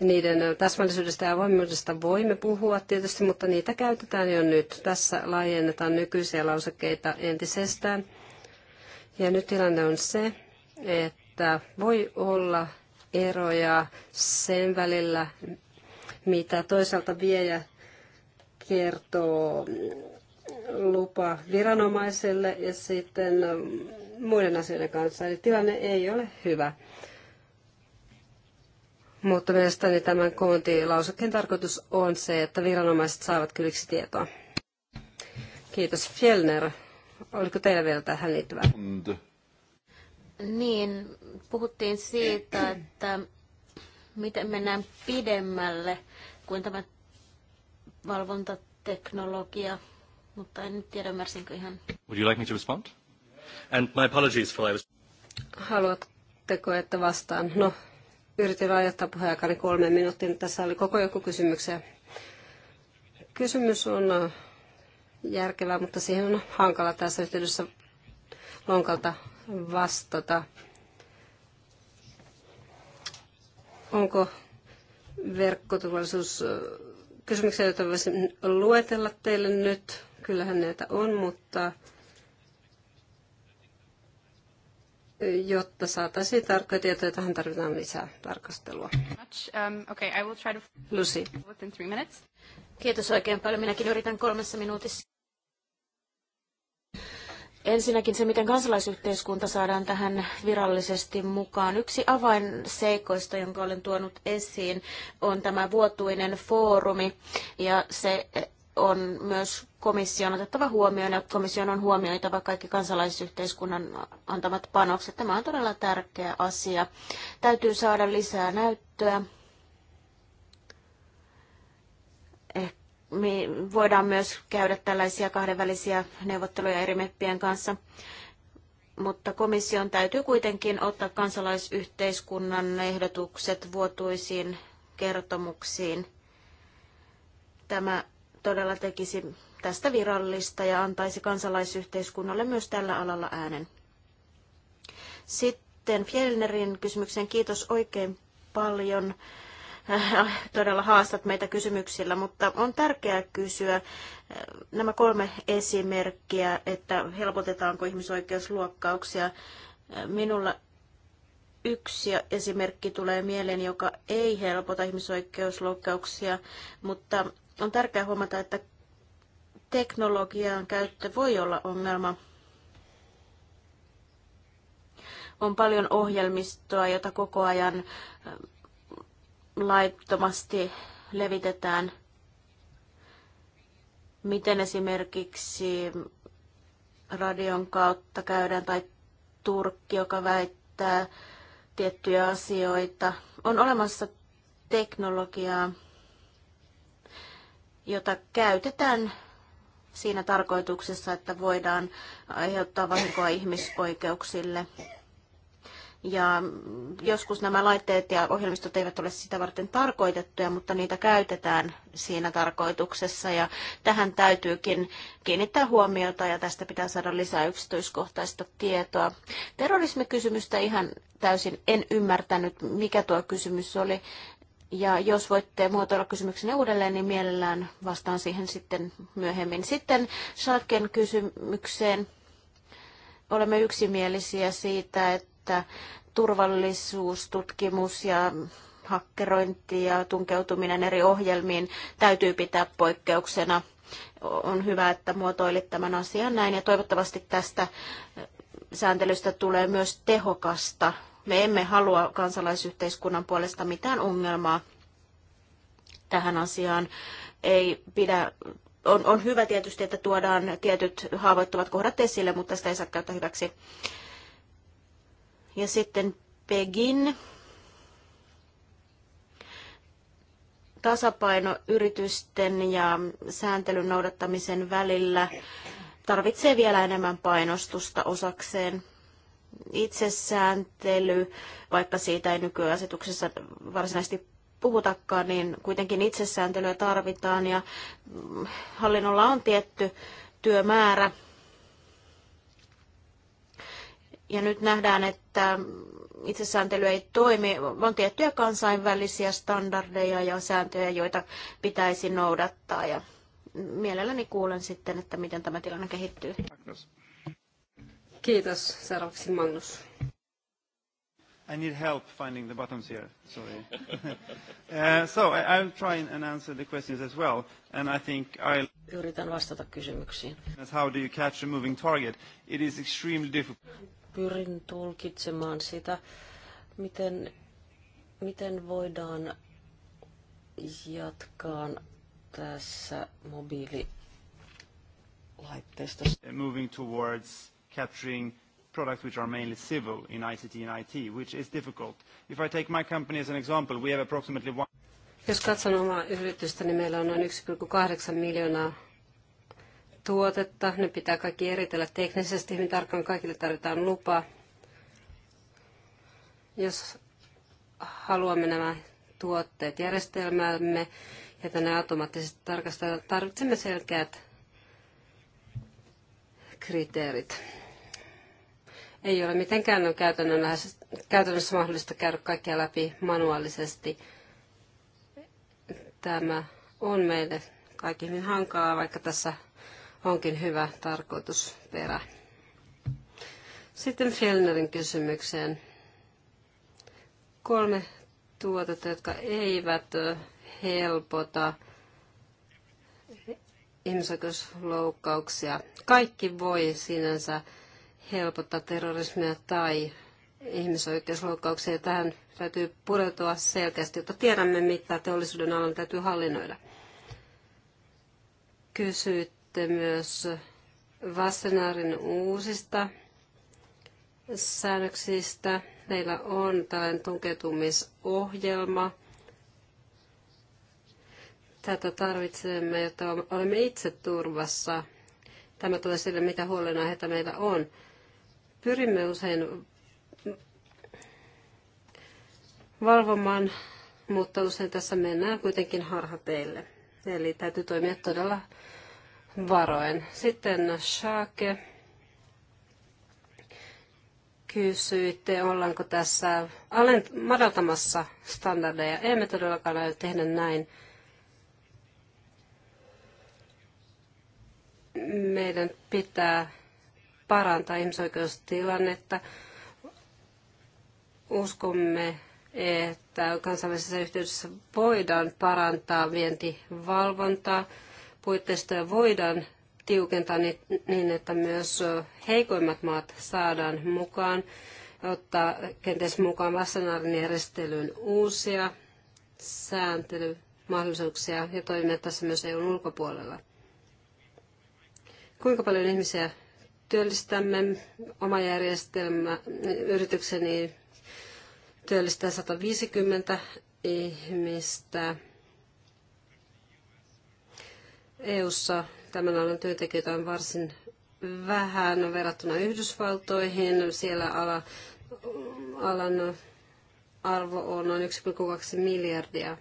Niiden täsmällisyydestä ja avoimuudesta voimme puhua tietysti, mutta niitä käytetään jo nyt. Tässä laajennetaan nykyisiä lausakkeita entisestään. Ja nyt tilanne on se, että voi olla eroja sen välillä, mitä toisaalta viejä kertoo lupa viranomaiselle ja sitten ähm, muiden asioiden kanssa. Eli tilanne ei ole hyvä. Mutta mielestäni tämän koontilausekkeen tarkoitus on se, että viranomaiset saavat kylliksi tietoa. Kiitos. Fjellner, oliko teillä vielä tähän liittyvää? Niin, puhuttiin siitä, että miten mennään pidemmälle kuin tämä valvontateknologia mutta en nyt tiedä, ymmärsinkö ihan. Would you like me to respond? And my apologies for I was... Haluatteko, että vastaan? No, yritin rajoittaa puheenjohtajani kolme minuuttia. Niin tässä oli koko joku kysymyksiä. Kysymys on äh, järkevää, mutta siihen on hankala tässä yhteydessä lonkalta vastata. Onko verkkoturvallisuus äh, kysymyksiä, joita voisin luetella teille nyt? kyllähän näitä on, mutta jotta saataisiin tarkkoja tietoja, tähän tarvitaan lisää tarkastelua. Um, Lucy. Kiitos oikein paljon. Minäkin yritän kolmessa minuutissa. Ensinnäkin se, miten kansalaisyhteiskunta saadaan tähän virallisesti mukaan. Yksi avainseikoista, jonka olen tuonut esiin, on tämä vuotuinen foorumi ja se on myös komission otettava huomioon ja komission on huomioitava kaikki kansalaisyhteiskunnan antamat panokset. Tämä on todella tärkeä asia. Täytyy saada lisää näyttöä. Eh, me voidaan myös käydä tällaisia kahdenvälisiä neuvotteluja eri meppien kanssa, mutta komission täytyy kuitenkin ottaa kansalaisyhteiskunnan ehdotukset vuotuisiin kertomuksiin. Tämä todella tekisi tästä virallista ja antaisi kansalaisyhteiskunnalle myös tällä alalla äänen. Sitten Fjellnerin kysymykseen kiitos oikein paljon. [laughs] Todella haastat meitä kysymyksillä, mutta on tärkeää kysyä eh, nämä kolme esimerkkiä, että helpotetaanko ihmisoikeusluokkauksia. Eh, minulla yksi esimerkki tulee mieleen, joka ei helpota ihmisoikeusluokkauksia, mutta on tärkeää huomata, että teknologian käyttö voi olla ongelma. On paljon ohjelmistoa, jota koko ajan ähm, laittomasti levitetään. Miten esimerkiksi radion kautta käydään tai Turkki, joka väittää tiettyjä asioita. On olemassa teknologiaa, jota käytetään siinä tarkoituksessa, että voidaan aiheuttaa vahinkoa ihmisoikeuksille. Ja joskus nämä laitteet ja ohjelmistot eivät ole sitä varten tarkoitettuja, mutta niitä käytetään siinä tarkoituksessa. Ja tähän täytyykin kiinnittää huomiota ja tästä pitää saada lisää yksityiskohtaista tietoa. Terrorismikysymystä ihan täysin en ymmärtänyt, mikä tuo kysymys oli. Ja jos voitte muotoilla kysymyksen uudelleen, niin mielellään vastaan siihen sitten myöhemmin. Sitten Schalken kysymykseen. Olemme yksimielisiä siitä, että turvallisuustutkimus ja hakkerointi ja tunkeutuminen eri ohjelmiin täytyy pitää poikkeuksena. On hyvä, että muotoilit tämän asian näin ja toivottavasti tästä sääntelystä tulee myös tehokasta me emme halua kansalaisyhteiskunnan puolesta mitään ongelmaa tähän asiaan. Ei pidä, on, on hyvä tietysti, että tuodaan tietyt haavoittuvat kohdat esille, mutta sitä ei saa käyttää hyväksi. Ja sitten Pegin tasapaino yritysten ja sääntelyn noudattamisen välillä tarvitsee vielä enemmän painostusta osakseen itsesääntely, vaikka siitä ei nykyasetuksessa varsinaisesti puhutakaan, niin kuitenkin itsesääntelyä tarvitaan ja mm, hallinnolla on tietty työmäärä. Ja nyt nähdään, että itsesääntely ei toimi. On tiettyjä kansainvälisiä standardeja ja sääntöjä, joita pitäisi noudattaa. Ja mielelläni kuulen sitten, että miten tämä tilanne kehittyy. Kiitos. Seuraavaksi Magnus. I need help finding the buttons here. Sorry. [laughs] uh, so I, I'll try and answer the questions as well, and I think I'll. Yritän vastata kysymyksiin. As how do you catch a moving target? It is extremely difficult. Pyrin tulkitsemaan sitä, miten, miten voidaan jatkaa tässä mobiililaitteistossa. Moving towards capturing products which are mainly civil in ICT and IT, which is difficult. If I take my company as an example, we have approximately one- Jos katson omaa yritystä, niin meillä on noin 1,8 miljoonaa tuotetta. Ne pitää kaikki eritellä teknisesti, hyvin tarkkaan kaikille tarvitaan lupa. Jos haluamme nämä tuotteet järjestelmäämme ja tänne automaattisesti tarkastaa, tarvitsemme selkeät kriteerit ei ole mitenkään on käytännössä mahdollista käydä kaikkea läpi manuaalisesti. Tämä on meille kaikille hankalaa, vaikka tässä onkin hyvä tarkoitusperä. Sitten Fjellnerin kysymykseen. Kolme tuotetta, jotka eivät helpota ihmisoikeusloukkauksia. Kaikki voi sinänsä helpottaa terrorismia tai ihmisoikeusloukkauksia. Tähän täytyy pureutua selkeästi, jotta tiedämme, mitä teollisuuden alan täytyy hallinnoida. Kysyitte myös Vassenaarin uusista säännöksistä. Meillä on tällainen tunketumisohjelma. Tätä tarvitsemme, jotta olemme itse turvassa. Tämä tulee sille, mitä huolenaiheita meillä on. Pyrimme usein valvomaan, mutta usein tässä mennään kuitenkin harhateille. Eli täytyy toimia todella varoen. Sitten Shake kysyitte, ollaanko tässä alent- madaltamassa standardeja. Emme todellakaan aio tehdä näin. Meidän pitää parantaa ihmisoikeustilannetta. Uskomme, että kansainvälisessä yhteydessä voidaan parantaa vientivalvontaa, puitteistoja voidaan tiukentaa niin, että myös heikoimmat maat saadaan mukaan, ottaa kenties mukaan Vassanaarin järjestelyyn uusia sääntelymahdollisuuksia ja toimia tässä myös EUn ulkopuolella. Kuinka paljon ihmisiä työllistämme. Oma järjestelmä, yritykseni työllistää 150 ihmistä. EU:ssa tämän alan työntekijöitä on varsin vähän verrattuna Yhdysvaltoihin. Siellä ala, alan arvo on noin 1,2 miljardia.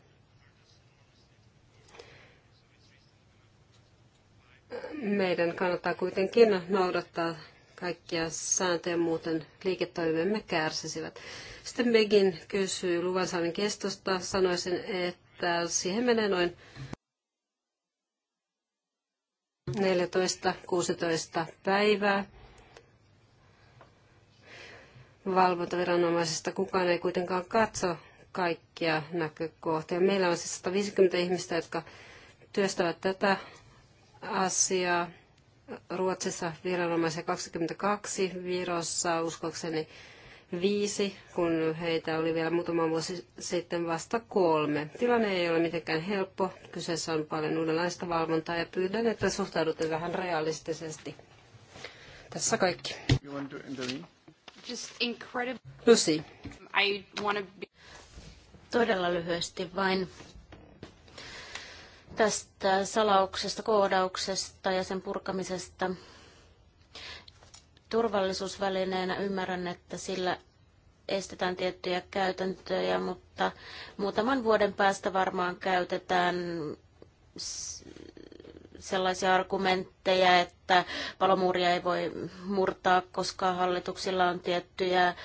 meidän kannattaa kuitenkin noudattaa kaikkia sääntöjä, muuten liiketoimemme kärsisivät. Sitten Begin kysyy luvansaannin kestosta. Sanoisin, että siihen menee noin 14-16 päivää. Valvontaviranomaisesta kukaan ei kuitenkaan katso kaikkia näkökohtia. Meillä on siis 150 ihmistä, jotka työstävät tätä asia. Ruotsissa viranomaisia 22, Virossa uskokseni viisi, kun heitä oli vielä muutama vuosi sitten vasta kolme. Tilanne ei ole mitenkään helppo. Kyseessä on paljon uudenlaista valvontaa ja pyydän, että suhtaudutte vähän realistisesti. Tässä kaikki. Lucy. Todella lyhyesti vain tästä salauksesta, koodauksesta ja sen purkamisesta. Turvallisuusvälineenä ymmärrän, että sillä estetään tiettyjä käytäntöjä, mutta muutaman vuoden päästä varmaan käytetään sellaisia argumentteja, että palomuuria ei voi murtaa, koska hallituksilla on tiettyjä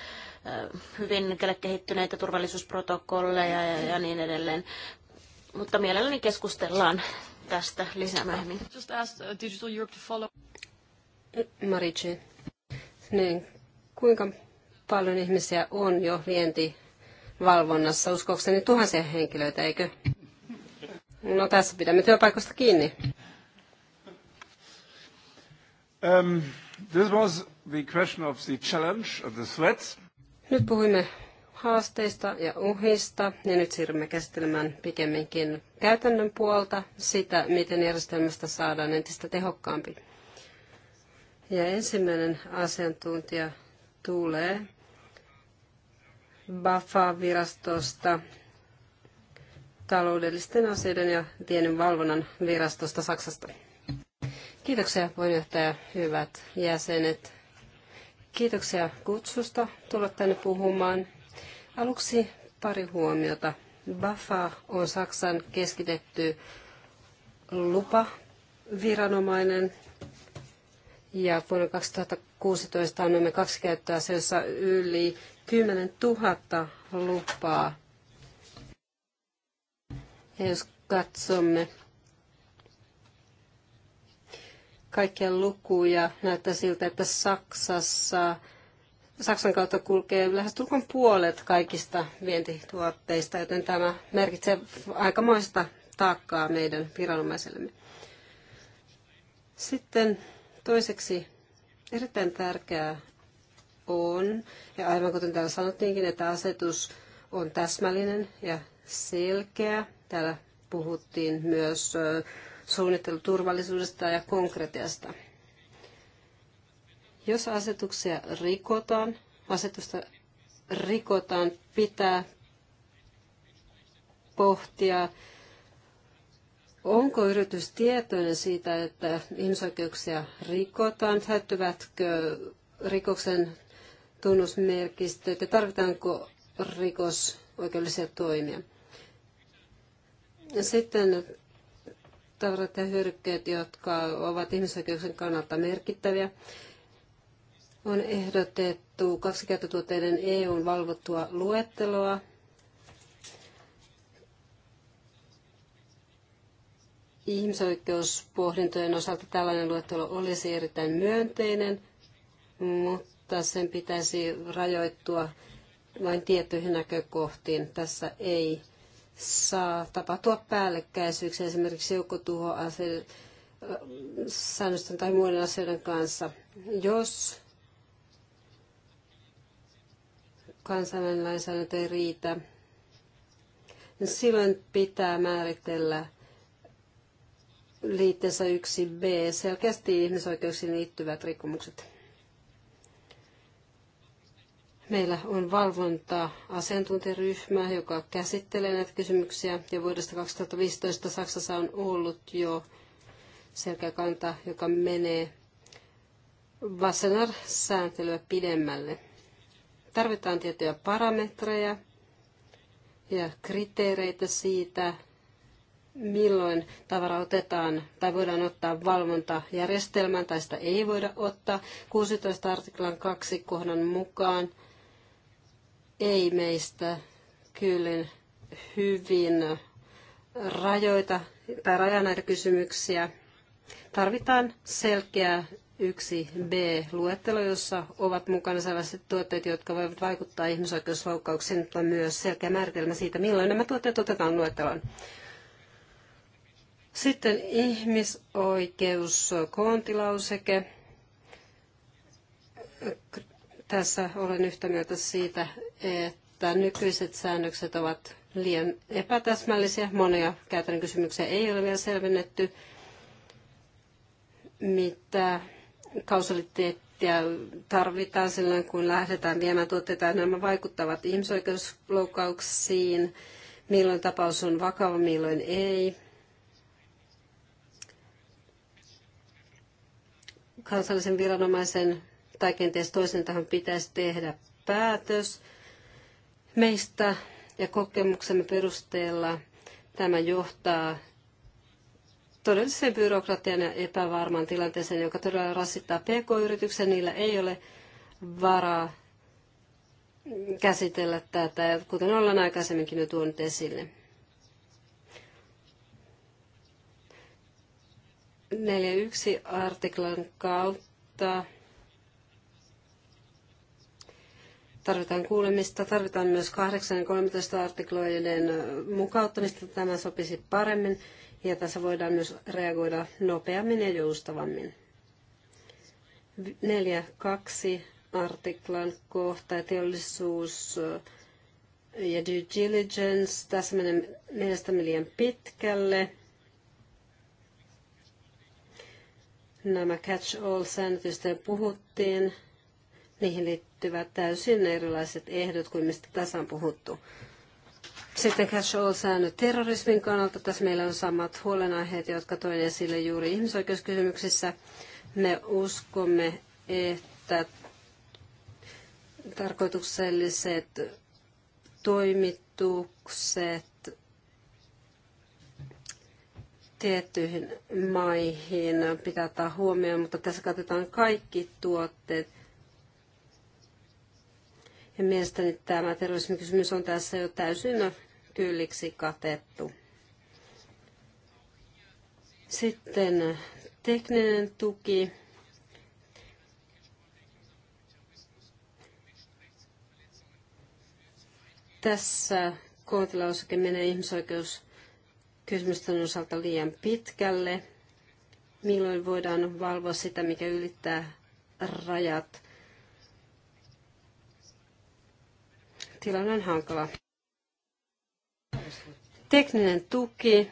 hyvin kehittyneitä turvallisuusprotokolleja ja, ja niin edelleen mutta mielelläni keskustellaan tästä lisää myöhemmin. Just ask uh, Digital Europe to follow. Marici, niin kuinka paljon ihmisiä on jo vientivalvonnassa? Uskoakseni tuhansia henkilöitä, eikö? No tässä pidämme työpaikoista kiinni. Um, this was the question of the challenge, of the threats. Nyt puhuimme haasteista ja uhista, ja nyt siirrymme käsittelemään pikemminkin käytännön puolta sitä, miten järjestelmästä saadaan entistä tehokkaampi. Ja ensimmäinen asiantuntija tulee BAFA-virastosta, taloudellisten asioiden ja tiedon valvonnan virastosta Saksasta. Kiitoksia puheenjohtaja, hyvät jäsenet. Kiitoksia kutsusta tulla tänne puhumaan. Aluksi pari huomiota. BAFA on Saksan keskitetty lupaviranomainen ja vuonna 2016 annoimme kaksi käyttöä jossa yli 10 000 lupaa. Ja jos katsomme kaikkia lukuja, näyttää siltä, että Saksassa Saksan kautta kulkee lähes tulkoon puolet kaikista vientituotteista, joten tämä merkitsee aikamoista taakkaa meidän viranomaisellemme. Sitten toiseksi erittäin tärkeää on, ja aivan kuten täällä sanottiinkin, että asetus on täsmällinen ja selkeä. Täällä puhuttiin myös suunnitteluturvallisuudesta ja konkretiasta. Jos asetuksia rikotaan, asetusta rikotaan, pitää pohtia, onko yritys tietoinen siitä, että ihmisoikeuksia rikotaan, täyttyvätkö rikoksen tunnusmerkistöt ja tarvitaanko rikosoikeudellisia toimia. Sitten tavarat ja hyödykkeet, jotka ovat ihmisoikeuksien kannalta merkittäviä on ehdotettu kaksikäyttötuotteiden EUn valvottua luetteloa. Ihmisoikeuspohdintojen osalta tällainen luettelo olisi erittäin myönteinen, mutta sen pitäisi rajoittua vain tiettyihin näkökohtiin. Tässä ei saa tapahtua päällekkäisyyksiä esimerkiksi joukkotuhoaseiden säännösten tai muiden asioiden kanssa. Jos kansainvälinen lainsäädäntö ei riitä, niin silloin pitää määritellä liitteessä 1b selkeästi ihmisoikeuksiin liittyvät rikkomukset. Meillä on valvonta-asiantuntijaryhmä, joka käsittelee näitä kysymyksiä. Ja vuodesta 2015 Saksassa on ollut jo selkeä kanta, joka menee Wassenaar-sääntelyä pidemmälle. Tarvitaan tiettyjä parametreja ja kriteereitä siitä, milloin tavara otetaan tai voidaan ottaa valvontajärjestelmään tai sitä ei voida ottaa. 16 artiklan 2 kohdan mukaan ei meistä kyllin hyvin rajoita tai rajaa näitä kysymyksiä. Tarvitaan selkeää yksi B-luettelo, jossa ovat mukana sellaiset tuotteet, jotka voivat vaikuttaa ihmisoikeusloukkauksiin, mutta myös selkeä määritelmä siitä, milloin nämä tuotteet otetaan luetteloon. Sitten ihmisoikeuskontilauseke. Tässä olen yhtä mieltä siitä, että nykyiset säännökset ovat liian epätäsmällisiä. Monia käytännön kysymyksiä ei ole vielä selvennetty. Mitä kausaliteettia tarvitaan silloin, kun lähdetään viemään tuotteita. Nämä vaikuttavat ihmisoikeusloukkauksiin, milloin tapaus on vakava, milloin ei. Kansallisen viranomaisen tai kenties toisen tahon pitäisi tehdä päätös meistä ja kokemuksemme perusteella tämä johtaa todelliseen byrokratian ja epävarmaan tilanteeseen, joka todella rasittaa pk-yrityksiä. Niillä ei ole varaa käsitellä tätä, kuten ollaan aikaisemminkin jo tuonut esille. Neljä yksi artiklan kautta tarvitaan kuulemista, tarvitaan myös 8 ja 13 artikloiden mukauttamista, tämä sopisi paremmin ja tässä voidaan myös reagoida nopeammin ja joustavammin. 4.2 artiklan kohta ja teollisuus eh, ja due diligence. Tässä menee mielestäni liian pitkälle. Nämä catch all säännötystä puhuttiin, niihin liittyvät täysin erilaiset ehdot kuin mistä tässä on puhuttu. Sitten cash all-säännöt terrorismin kannalta. Tässä meillä on samat huolenaiheet, jotka toin esille juuri ihmisoikeuskysymyksissä. Me uskomme, että tarkoitukselliset toimitukset tiettyihin maihin pitää ottaa huomioon, mutta tässä katsotaan kaikki tuotteet. Ja mielestäni tämä terrorismikysymys on tässä jo täysin kylliksi katettu. Sitten tekninen tuki. Tässä koodilauseke menee ihmisoikeuskysymysten osalta liian pitkälle. Milloin voidaan valvoa sitä, mikä ylittää rajat? Tilanne on hankala. Tekninen tuki.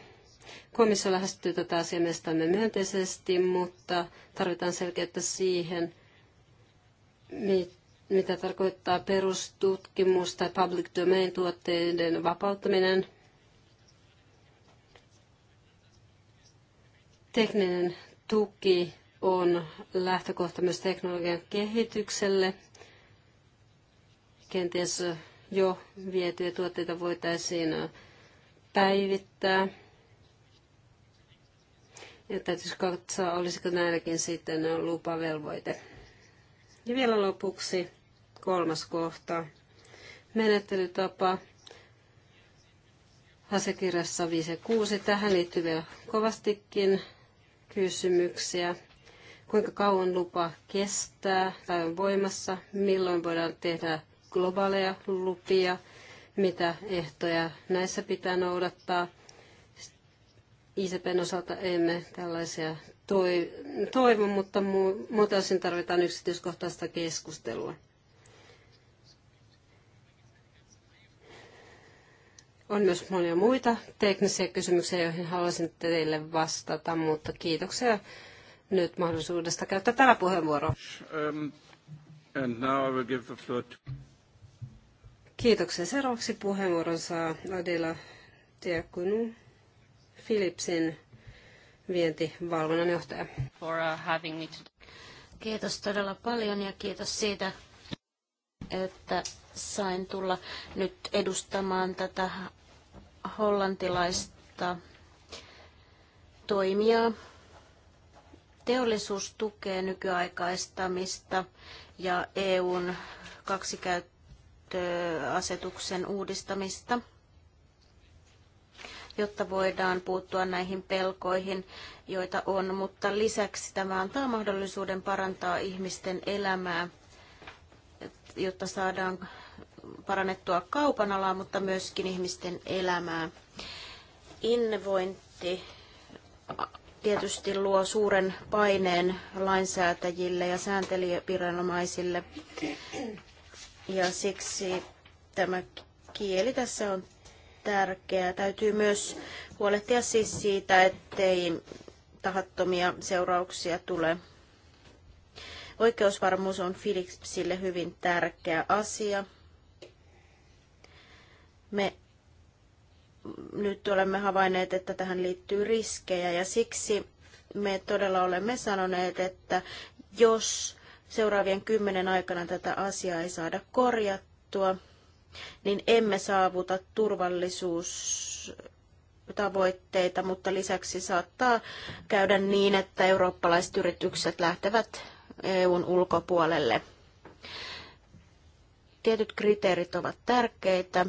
Komissio lähestyy tätä asiaa mielestämme myönteisesti, mutta tarvitaan selkeyttä siihen, mitä tarkoittaa perustutkimus tai public domain tuotteiden vapauttaminen. Tekninen tuki on lähtökohta myös teknologian kehitykselle. Kenties jo vietyjä tuotteita voitaisiin päivittää. Ja täytyisi katsoa, olisiko näilläkin sitten lupavelvoite. Ja vielä lopuksi kolmas kohta. Menettelytapa asiakirjassa 5 ja 6. Tähän liittyy vielä kovastikin kysymyksiä. Kuinka kauan lupa kestää tai on voimassa? Milloin voidaan tehdä globaaleja lupia? mitä ehtoja näissä pitää noudattaa. ICPn osalta emme tällaisia toi, toivo, mutta muuten osin tarvitaan yksityiskohtaista keskustelua. On myös monia muita teknisiä kysymyksiä, joihin haluaisin teille vastata, mutta kiitoksia nyt mahdollisuudesta käyttää tällä puheenvuoroa. Um, Kiitoksia. Seuraavaksi puheenvuoron saa Adela Tiakunu, Philipsin vientivalvonnan johtaja. For, uh, having me Kiitos todella paljon ja kiitos siitä, että sain tulla nyt edustamaan tätä hollantilaista toimijaa. Teollisuus tukee nykyaikaistamista ja EUn kaksikäyttöä asetuksen uudistamista, jotta voidaan puuttua näihin pelkoihin, joita on, mutta lisäksi tämä antaa mahdollisuuden parantaa ihmisten elämää, jotta saadaan parannettua kaupan alaa, mutta myöskin ihmisten elämää. Innovointi tietysti luo suuren paineen lainsäätäjille ja sääntelijäviranomaisille. Ja siksi tämä kieli tässä on tärkeää. Täytyy myös huolehtia siis siitä, ettei tahattomia seurauksia tule. Oikeusvarmuus on Philipsille hyvin tärkeä asia. Me nyt olemme havainneet, että tähän liittyy riskejä ja siksi me todella olemme sanoneet, että jos seuraavien kymmenen aikana tätä asiaa ei saada korjattua, niin emme saavuta turvallisuustavoitteita, mutta lisäksi saattaa käydä niin, että eurooppalaiset yritykset lähtevät EUn ulkopuolelle. Tietyt kriteerit ovat tärkeitä.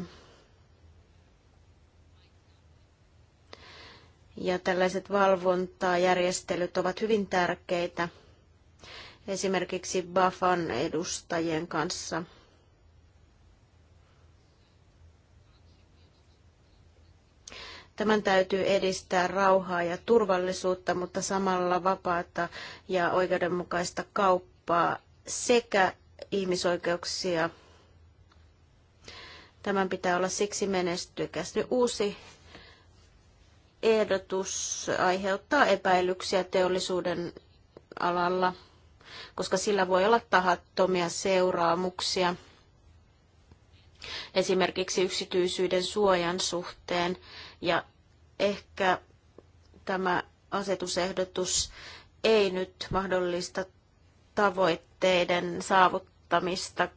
Ja tällaiset valvontajärjestelyt ovat hyvin tärkeitä esimerkiksi Bafan edustajien kanssa. Tämän täytyy edistää rauhaa ja turvallisuutta, mutta samalla vapaata ja oikeudenmukaista kauppaa sekä ihmisoikeuksia. Tämän pitää olla siksi menestykäs. Nyt uusi ehdotus aiheuttaa epäilyksiä teollisuuden alalla koska sillä voi olla tahattomia seuraamuksia esimerkiksi yksityisyyden suojan suhteen. Ja ehkä tämä asetusehdotus ei nyt mahdollista tavoitteiden saavuttamista.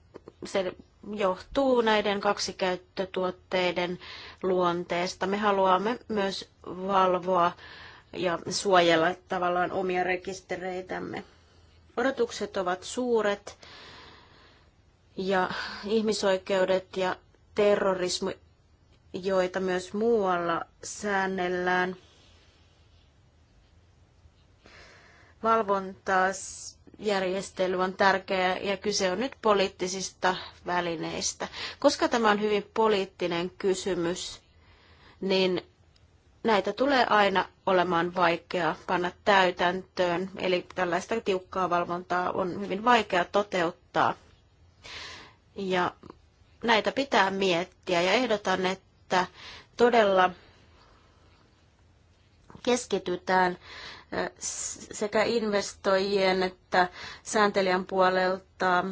Se johtuu näiden kaksikäyttötuotteiden luonteesta. Me haluamme myös valvoa ja suojella tavallaan omia rekistereitämme. Odotukset ovat suuret ja ihmisoikeudet ja terrorismi, joita myös muualla säännellään. Valvontajärjestely on tärkeä ja kyse on nyt poliittisista välineistä. Koska tämä on hyvin poliittinen kysymys, niin näitä tulee aina olemaan vaikea panna täytäntöön, eli tällaista tiukkaa valvontaa on hyvin vaikea toteuttaa. Ja näitä pitää miettiä ja ehdotan, että todella keskitytään sekä investoijien että sääntelijän puolelta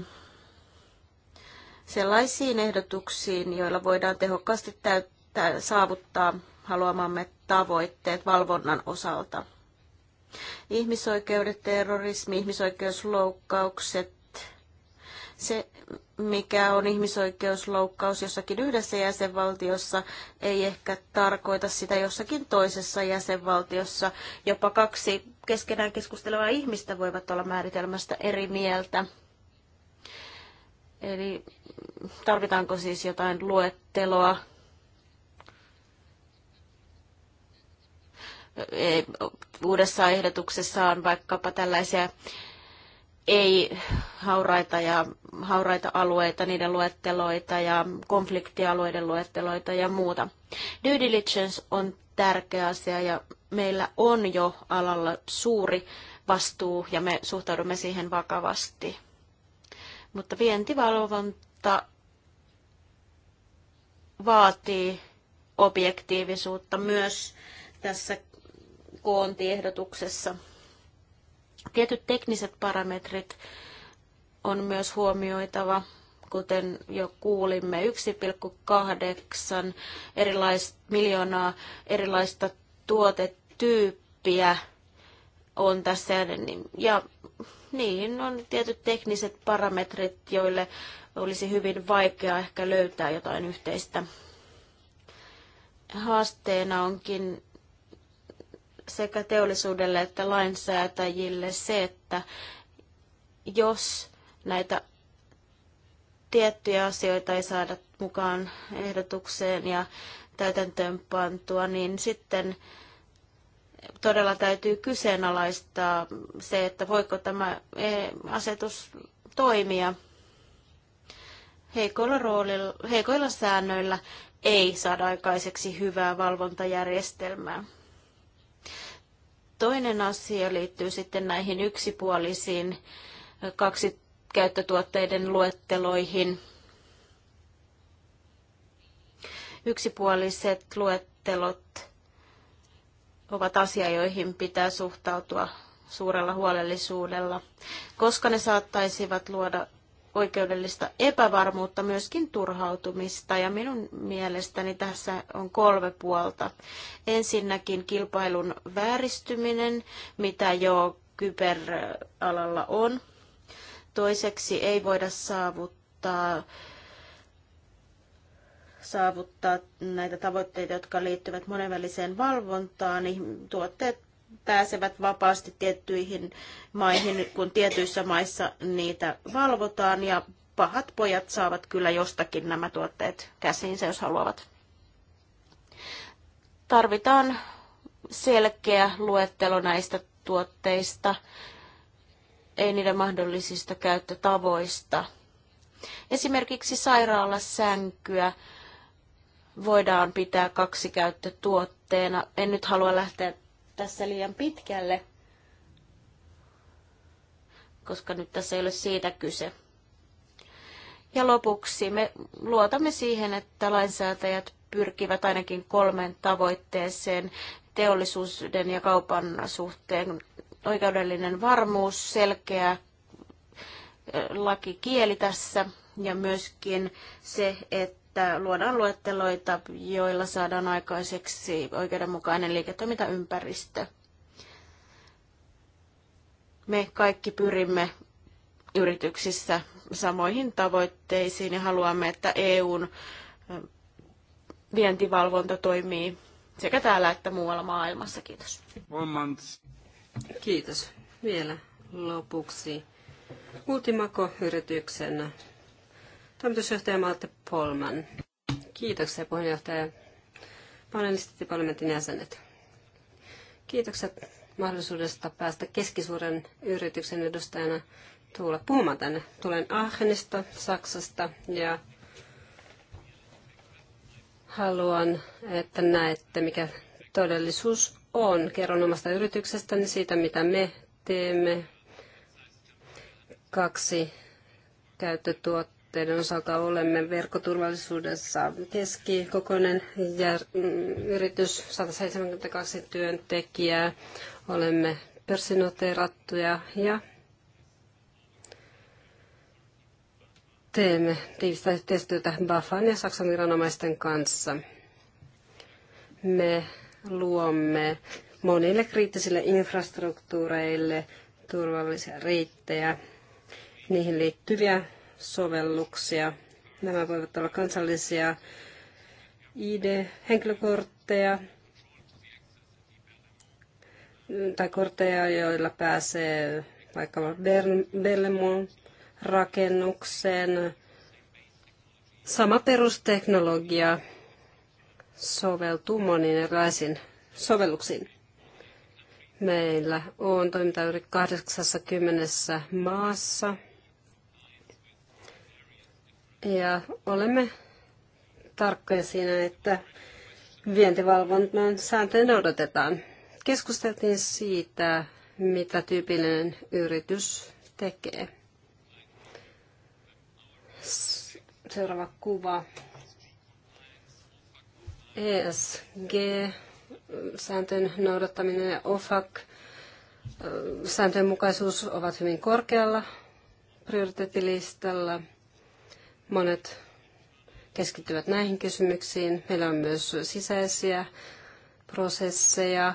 sellaisiin ehdotuksiin, joilla voidaan tehokkaasti täyttää, saavuttaa haluamamme tavoitteet valvonnan osalta. Ihmisoikeudet, terrorismi, ihmisoikeusloukkaukset, se, mikä on ihmisoikeusloukkaus jossakin yhdessä jäsenvaltiossa, ei ehkä tarkoita sitä jossakin toisessa jäsenvaltiossa. Jopa kaksi keskenään keskustelevaa ihmistä voivat olla määritelmästä eri mieltä. Eli tarvitaanko siis jotain luetteloa uudessa on vaikkapa tällaisia ei hauraita ja hauraita alueita, niiden luetteloita ja konfliktialueiden luetteloita ja muuta. Due diligence on tärkeä asia ja meillä on jo alalla suuri vastuu ja me suhtaudumme siihen vakavasti. Mutta vientivalvonta vaatii objektiivisuutta myös tässä koontiehdotuksessa. Tietyt tekniset parametrit on myös huomioitava, kuten jo kuulimme, 1,8 erilaista, miljoonaa erilaista tuotetyyppiä on tässä. Niin- ja niihin on tietyt tekniset parametrit, joille olisi hyvin vaikea ehkä löytää jotain yhteistä. Haasteena onkin sekä teollisuudelle että lainsäätäjille se, että jos näitä tiettyjä asioita ei saada mukaan ehdotukseen ja täytäntöön pantua, niin sitten todella täytyy kyseenalaistaa se, että voiko tämä e, asetus toimia. Heikoilla, roolilla, heikoilla säännöillä ei saada aikaiseksi hyvää valvontajärjestelmää. Toinen asia liittyy sitten näihin yksipuolisiin kaksi käyttötuotteiden luetteloihin. Yksipuoliset luettelot ovat asia, joihin pitää suhtautua suurella huolellisuudella, koska ne saattaisivat luoda oikeudellista epävarmuutta, myöskin turhautumista. Ja minun mielestäni tässä on kolme puolta. Ensinnäkin kilpailun vääristyminen, mitä jo kyberalalla on. Toiseksi ei voida saavuttaa saavuttaa näitä tavoitteita, jotka liittyvät monenväliseen valvontaan, niin tuotteet pääsevät vapaasti tiettyihin maihin, kun tietyissä maissa niitä valvotaan ja pahat pojat saavat kyllä jostakin nämä tuotteet käsiinsä, jos haluavat. Tarvitaan selkeä luettelo näistä tuotteista, ei niiden mahdollisista käyttötavoista. Esimerkiksi sairaalasänkyä voidaan pitää kaksikäyttötuotteena. En nyt halua lähteä tässä liian pitkälle, koska nyt tässä ei ole siitä kyse. Ja lopuksi me luotamme siihen, että lainsäätäjät pyrkivät ainakin kolmen tavoitteeseen teollisuuden ja kaupan suhteen. Oikeudellinen varmuus, selkeä eh, lakikieli tässä ja myöskin se, että että luodaan luetteloita, joilla saadaan aikaiseksi oikeudenmukainen liiketoimintaympäristö. Me kaikki pyrimme yrityksissä samoihin tavoitteisiin ja haluamme, että EUn vientivalvonta toimii sekä täällä että muualla maailmassa. Kiitos. Kiitos. Vielä lopuksi yrityksen Toimitusjohtaja Malte Polman. Kiitoksia puheenjohtaja, panelistit ja parlamentin jäsenet. Kiitokset mahdollisuudesta päästä keskisuuren yrityksen edustajana tulla puhumaan tänne. Tulen Aachenista, Saksasta ja haluan, että näette, mikä todellisuus on. Kerron omasta yrityksestäni siitä, mitä me teemme. Kaksi käyttötuotteita tuotteiden osalta olemme verkkoturvallisuudessa keskikokoinen mm, yritys, 172 työntekijää, olemme pörssinoteerattuja ja teemme tiivistä yhteistyötä Bafan ja Saksan viranomaisten kanssa. Me luomme monille kriittisille infrastruktuureille turvallisia reittejä, niihin liittyviä sovelluksia. Nämä voivat olla kansallisia ID-henkilökortteja tai kortteja, joilla pääsee vaikka Bellemon rakennukseen. Sama perusteknologia soveltuu moniin erilaisiin sovelluksiin. Meillä on toiminta yli 80 maassa ja olemme tarkkoja siinä, että vientivalvonnan sääntöjä noudatetaan. Keskusteltiin siitä, mitä tyypillinen yritys tekee. Seuraava kuva. ESG, sääntöjen noudattaminen ja OFAC, sääntöjen mukaisuus ovat hyvin korkealla prioriteettilistalla – Monet keskittyvät näihin kysymyksiin. Meillä on myös sisäisiä prosesseja,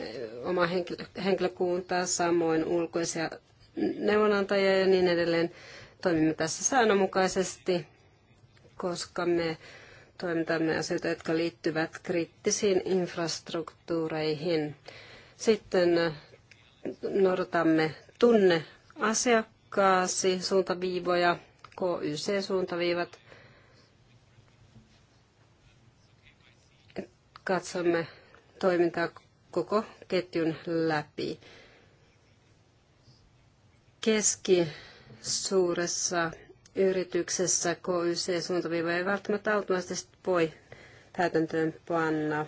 eh, oma henkilökunta, samoin ulkoisia neuvonantajia ja niin edelleen. Toimimme tässä säännönmukaisesti, koska me toimitamme asioita, jotka liittyvät kriittisiin infrastruktuureihin. Sitten eh, noudatamme tunne asiakkaasi suuntaviivoja KYC-suuntaviivat. Katsomme toimintaa koko ketjun läpi. Keski suuressa yrityksessä KYC-suuntaviiva ei välttämättä automaattisesti voi täytäntöön panna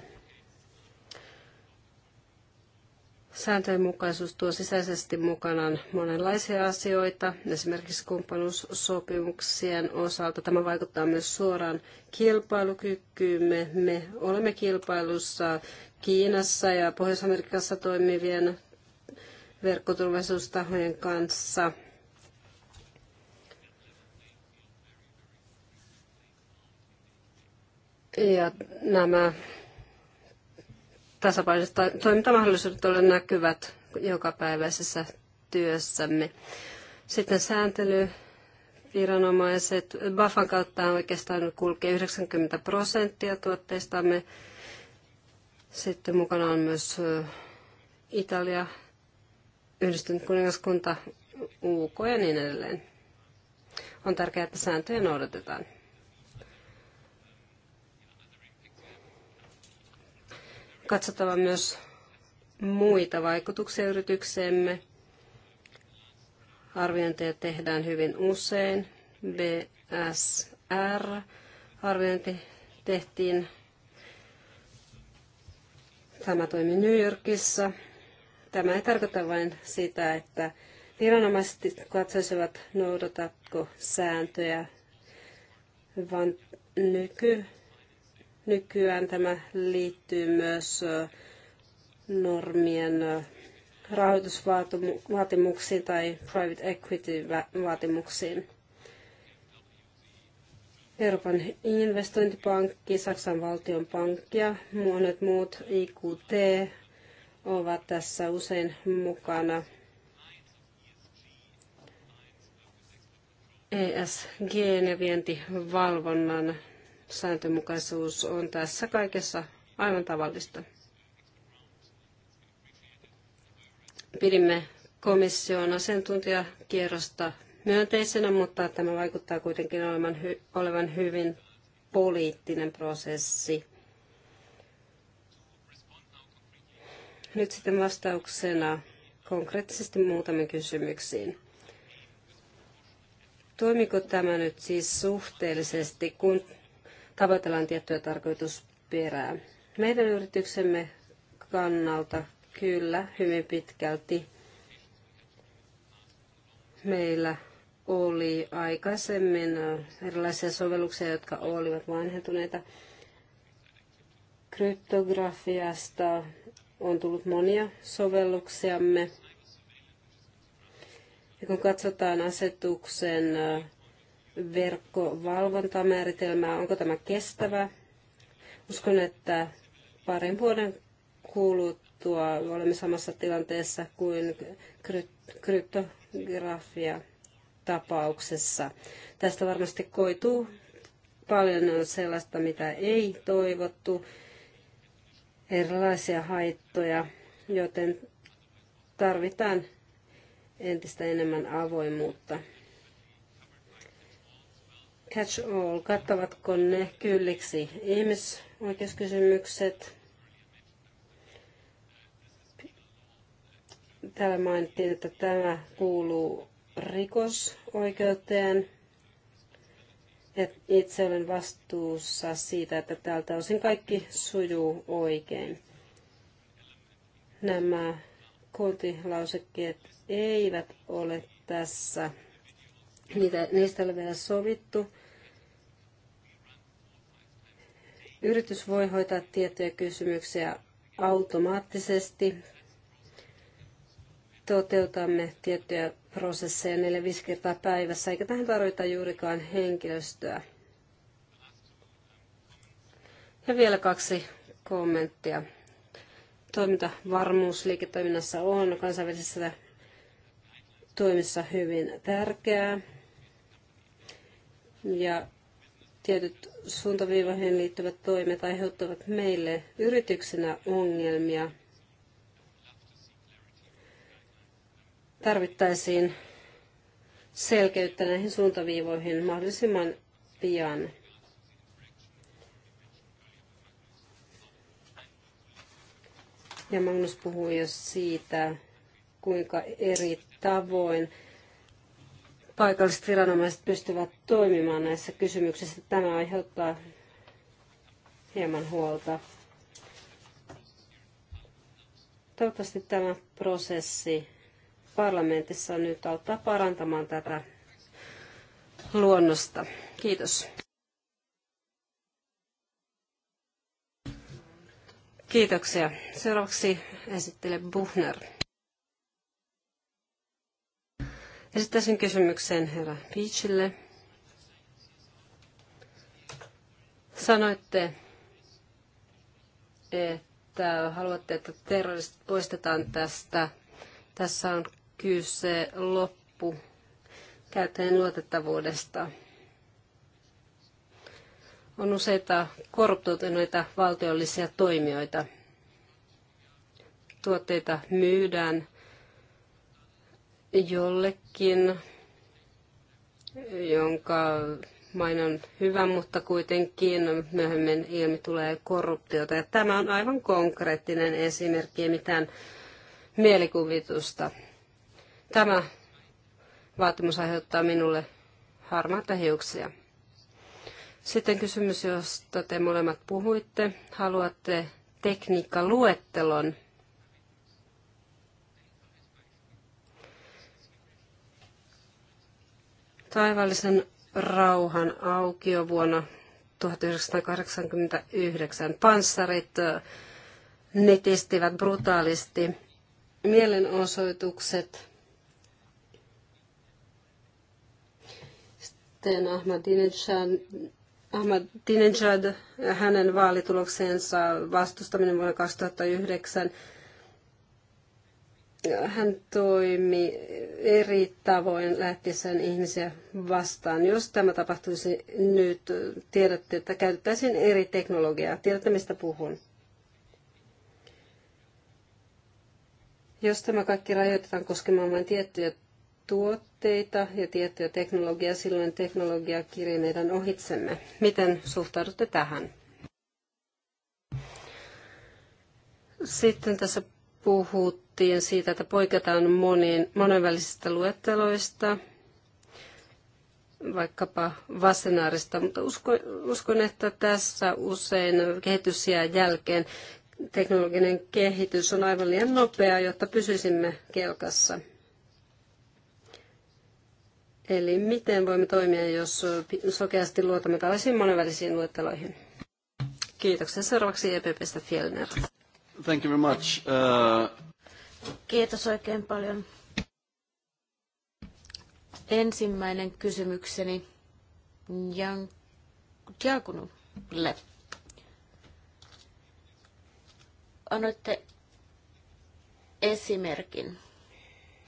Sääntöjen mukaisuus tuo sisäisesti mukanaan monenlaisia asioita, esimerkiksi kumppanuussopimuksien osalta. Tämä vaikuttaa myös suoraan kilpailukykyymme. Me olemme kilpailussa Kiinassa ja Pohjois-Amerikassa toimivien verkkoturvallisuustahojen kanssa. Ja nämä tasapainoiset toimintamahdollisuudet ole näkyvät jokapäiväisessä työssämme. Sitten sääntely, viranomaiset. Bafan kautta oikeastaan kulkee 90 prosenttia tuotteistamme. Sitten mukana on myös Italia, yhdistynyt kuningaskunta, UK ja niin edelleen. On tärkeää, että sääntöjä noudatetaan. katsottava myös muita vaikutuksia yritykseemme. Arviointeja tehdään hyvin usein. BSR-arviointi tehtiin. Tämä toimi New Yorkissa. Tämä ei tarkoita vain sitä, että viranomaiset katsoisivat, noudatatko sääntöjä, vaan nyky Nykyään tämä liittyy myös normien rahoitusvaatimuksiin tai private equity-vaatimuksiin. Euroopan investointipankki, Saksan pankki ja monet muut IQT ovat tässä usein mukana. ESG- ja vientivalvonnan sääntömukaisuus on tässä kaikessa aivan tavallista. Pidimme komission asiantuntijakierrosta myönteisenä, mutta tämä vaikuttaa kuitenkin olevan, hy- olevan hyvin poliittinen prosessi. Nyt sitten vastauksena konkreettisesti muutamiin kysymyksiin. Toimiko tämä nyt siis suhteellisesti, kun tavoitellaan tiettyä tarkoitusperää. Meidän yrityksemme kannalta kyllä hyvin pitkälti meillä oli aikaisemmin erilaisia sovelluksia, jotka olivat vanhentuneita. Kryptografiasta on tullut monia sovelluksiamme. Ja kun katsotaan asetuksen verkkovalvontamääritelmää, onko tämä kestävä. Uskon, että parin vuoden kuluttua olemme samassa tilanteessa kuin kryptografia tapauksessa. Tästä varmasti koituu paljon on sellaista, mitä ei toivottu, erilaisia haittoja, joten tarvitaan entistä enemmän avoimuutta catch-all, kattavatko ne kylliksi ihmisoikeuskysymykset? Täällä mainittiin, että tämä kuuluu rikosoikeuteen. Et itse olen vastuussa siitä, että täältä osin kaikki sujuu oikein. Nämä kotilausekkeet eivät ole tässä. Niitä, niistä ei ole vielä sovittu. Yritys voi hoitaa tiettyjä kysymyksiä automaattisesti. Toteutamme tiettyjä prosesseja 4-5 kertaa päivässä, eikä tähän tarvita juurikaan henkilöstöä. Ja vielä kaksi kommenttia. Toimintavarmuus liiketoiminnassa on kansainvälisessä toimissa hyvin tärkeää. Ja tietyt suuntaviivoihin liittyvät toimet aiheuttavat meille yrityksenä ongelmia. Tarvittaisiin selkeyttä näihin suuntaviivoihin mahdollisimman pian. Ja Magnus puhui jo siitä, kuinka eri tavoin paikalliset viranomaiset pystyvät toimimaan näissä kysymyksissä. Tämä aiheuttaa hieman huolta. Toivottavasti tämä prosessi parlamentissa nyt auttaa parantamaan tätä luonnosta. Kiitos. Kiitoksia. Seuraavaksi esittelee Buchner. Esittäisin kysymyksen herra Piitsille. Sanoitte, että haluatte, että terroristit poistetaan tästä. Tässä on kyse loppu käyttäjän luotettavuudesta. On useita korruptoituneita valtiollisia toimijoita. Tuotteita myydään jollekin, jonka mainon hyvä, mutta kuitenkin myöhemmin ilmi tulee korruptiota. Ja tämä on aivan konkreettinen esimerkki, ei mitään mielikuvitusta. Tämä vaatimus aiheuttaa minulle harmaita hiuksia. Sitten kysymys, josta te molemmat puhuitte. Haluatte tekniikkaluettelon Taivaallisen rauhan aukio vuonna 1989. Panssarit äh, netistivät brutaalisti. Mielenosoitukset. Sitten Ahmadinejad, Ahmadinejad hänen vaalituloksensa vastustaminen vuonna 2009 hän toimi eri tavoin lähtiessään ihmisiä vastaan. Jos tämä tapahtuisi nyt, tiedätte, että käytettäisiin eri teknologiaa. Tiedätte, mistä puhun. Jos tämä kaikki rajoitetaan koskemaan vain tiettyjä tuotteita ja tiettyjä teknologiaa, silloin teknologia kirjaa meidän ohitsemme. Miten suhtaudutte tähän? Sitten tässä puhuttiin siitä, että poiketaan moniin, monenvälisistä luetteloista, vaikkapa vastenaarista, mutta uskon, uskon, että tässä usein kehitys jää jälkeen. Teknologinen kehitys on aivan liian nopea, jotta pysyisimme kelkassa. Eli miten voimme toimia, jos sokeasti luotamme tällaisiin monenvälisiin luetteloihin? Kiitoksia. Seuraavaksi EPPstä Fjellner. Thank you very much. Uh... Kiitos oikein paljon. Ensimmäinen kysymykseni Jan Diakonulle. Annoitte esimerkin.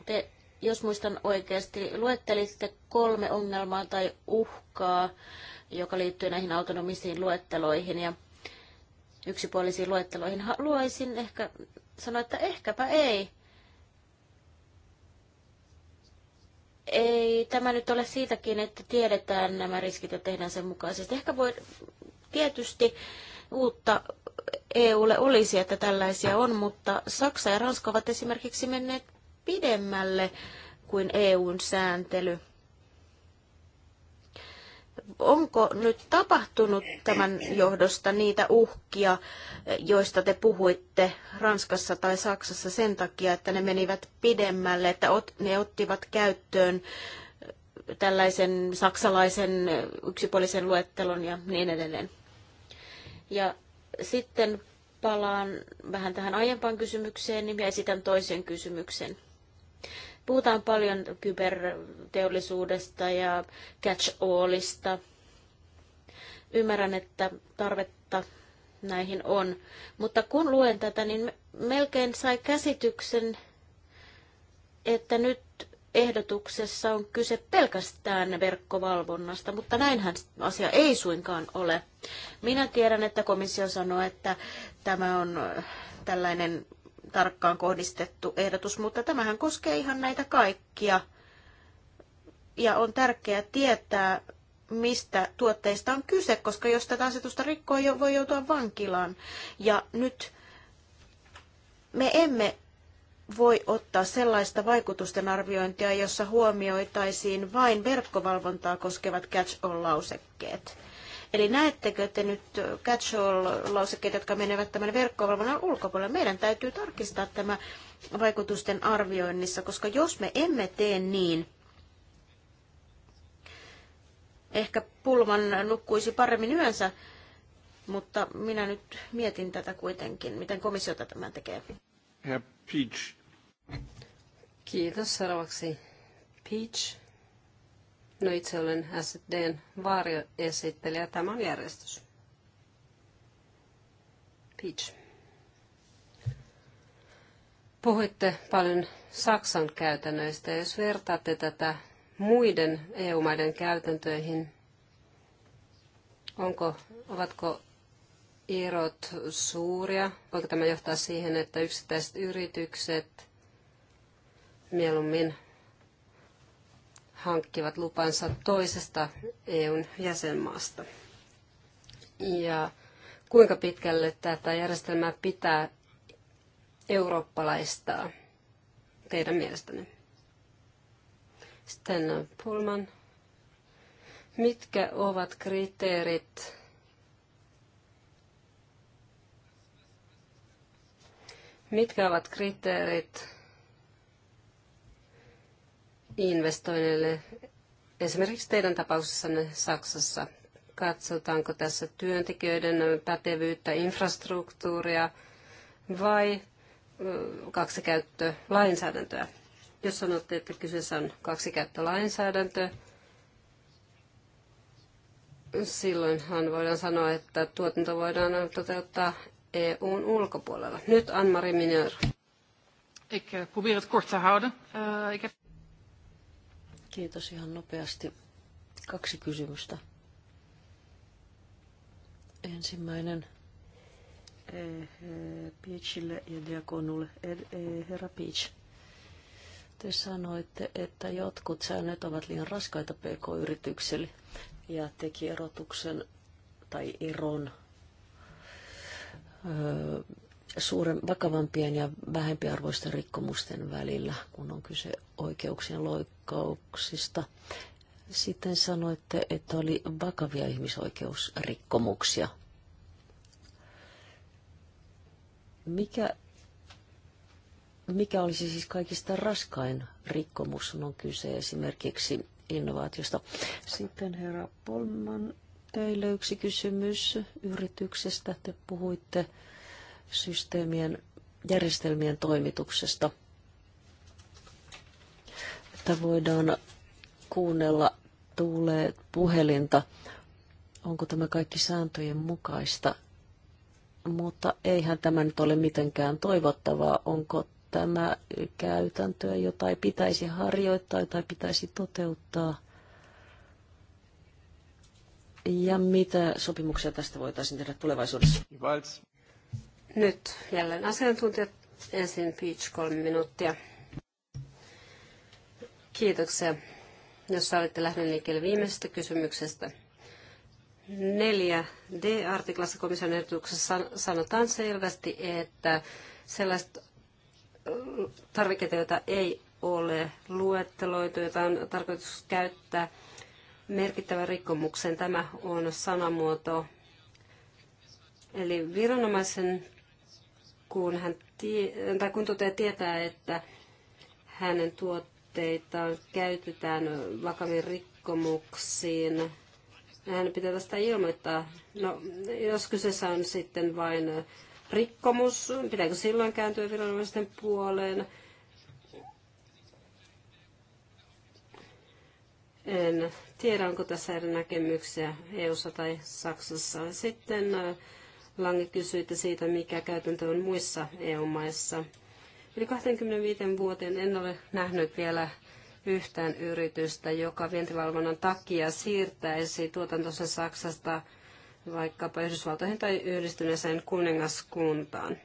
Te, jos muistan oikeasti, luettelitte kolme ongelmaa tai uhkaa, joka liittyy näihin autonomisiin luetteloihin. Ja yksipuolisiin luetteloihin. Haluaisin ehkä sanoa, että ehkäpä ei. Ei tämä nyt ole siitäkin, että tiedetään nämä riskit ja tehdään sen mukaisesti. Ehkä voi tietysti uutta EUlle olisi, että tällaisia on, mutta Saksa ja Ranska ovat esimerkiksi menneet pidemmälle kuin EUn sääntely onko nyt tapahtunut tämän johdosta niitä uhkia, joista te puhuitte Ranskassa tai Saksassa sen takia, että ne menivät pidemmälle, että ne ottivat käyttöön tällaisen saksalaisen yksipuolisen luettelon ja niin edelleen. Ja sitten palaan vähän tähän aiempaan kysymykseen ja esitän toisen kysymyksen. Puhutaan paljon kyberteollisuudesta ja catch-allista. Ymmärrän, että tarvetta näihin on. Mutta kun luen tätä, niin melkein sai käsityksen, että nyt ehdotuksessa on kyse pelkästään verkkovalvonnasta, mutta näinhän asia ei suinkaan ole. Minä tiedän, että komissio sanoo, että tämä on äh, tällainen tarkkaan kohdistettu ehdotus, mutta tämähän koskee ihan näitä kaikkia. Ja on tärkeää tietää, mistä tuotteista on kyse, koska jos tätä asetusta jo voi joutua vankilaan. Ja nyt me emme voi ottaa sellaista vaikutusten arviointia, jossa huomioitaisiin vain verkkovalvontaa koskevat catch-all-lausekkeet. Eli näettekö te nyt catch-all-lausekkeet, jotka menevät tämän verkkovalvonnan ulkopuolelle? Meidän täytyy tarkistaa tämä vaikutusten arvioinnissa, koska jos me emme tee niin, ehkä pulman nukkuisi paremmin yönsä, mutta minä nyt mietin tätä kuitenkin, miten komissio tämän tekee. Herr Peach. Kiitos. Seuraavaksi Peach. No itse olen SDn vaarioesittelijä. Tämä on järjestys. Peach. Puhuitte paljon Saksan käytännöistä. Jos vertaatte tätä muiden EU-maiden käytäntöihin, onko, ovatko erot suuria? Voiko tämä johtaa siihen, että yksittäiset yritykset mieluummin hankkivat lupansa toisesta EUn jäsenmaasta. Ja kuinka pitkälle tätä järjestelmää pitää eurooppalaistaa teidän mielestänne? Sitten äh, Pullman. Mitkä ovat kriteerit Mitkä ovat kriteerit investoinneille. Esimerkiksi teidän tapauksessanne Saksassa. Katsotaanko tässä työntekijöiden pätevyyttä, infrastruktuuria vai kaksikäyttölainsäädäntöä? Jos sanotte, että kyseessä on kaksikäyttölainsäädäntö, silloinhan voidaan sanoa, että tuotanto voidaan toteuttaa EUn ulkopuolella. Nyt Anne-Marie Mineur. Ik eh, probeer het kort te houden. Uh, ik heb... Kiitos ihan nopeasti. Kaksi kysymystä. Ensimmäinen eh, Peachille ja Diakonulle. Eh, eh, herra Peach, te sanoitte, että jotkut säännöt ovat liian raskaita pk-yritykselle ja teki erotuksen tai eron suuren, vakavampien ja vähempiarvoisten rikkomusten välillä, kun on kyse oikeuksien loukkauksista. Sitten sanoitte, että oli vakavia ihmisoikeusrikkomuksia. Mikä, mikä olisi siis kaikista raskain rikkomus, on kyse esimerkiksi innovaatiosta. Sitten herra Polman, teille yksi kysymys yrityksestä. Te puhuitte systeemien, järjestelmien toimituksesta – että voidaan kuunnella tulee puhelinta. Onko tämä kaikki sääntöjen mukaista? Mutta eihän tämä nyt ole mitenkään toivottavaa. Onko tämä käytäntöä, jota ei pitäisi harjoittaa tai pitäisi toteuttaa? Ja mitä sopimuksia tästä voitaisiin tehdä tulevaisuudessa? Nyt jälleen asiantuntijat. Ensin Peach kolme minuuttia. Kiitoksia. Jos olette lähden liikkeelle viimeisestä kysymyksestä. 4D-artiklassa komission ehdotuksessa sanotaan selvästi, että sellaiset tarvikkeita, joita ei ole luetteloitu, joita on tarkoitus käyttää merkittävän rikkomukseen. Tämä on sanamuoto. Eli viranomaisen, kun, hän tie, tai kun tietää, että hänen tuot, laitteita käytetään vakaviin rikkomuksiin, hän pitää tästä ilmoittaa. No, jos kyseessä on sitten vain rikkomus, pitääkö silloin kääntyä viranomaisten puoleen? En tiedä, onko tässä eri näkemyksiä eu tai Saksassa. Sitten äh, Lange kysyi siitä, mikä käytäntö on muissa EU-maissa. Yli 25 vuoteen en ole nähnyt vielä yhtään yritystä, joka vientivalvonnan takia siirtäisi tuotantonsa Saksasta vaikkapa Yhdysvaltoihin tai yhdistyneeseen kuningaskuntaan.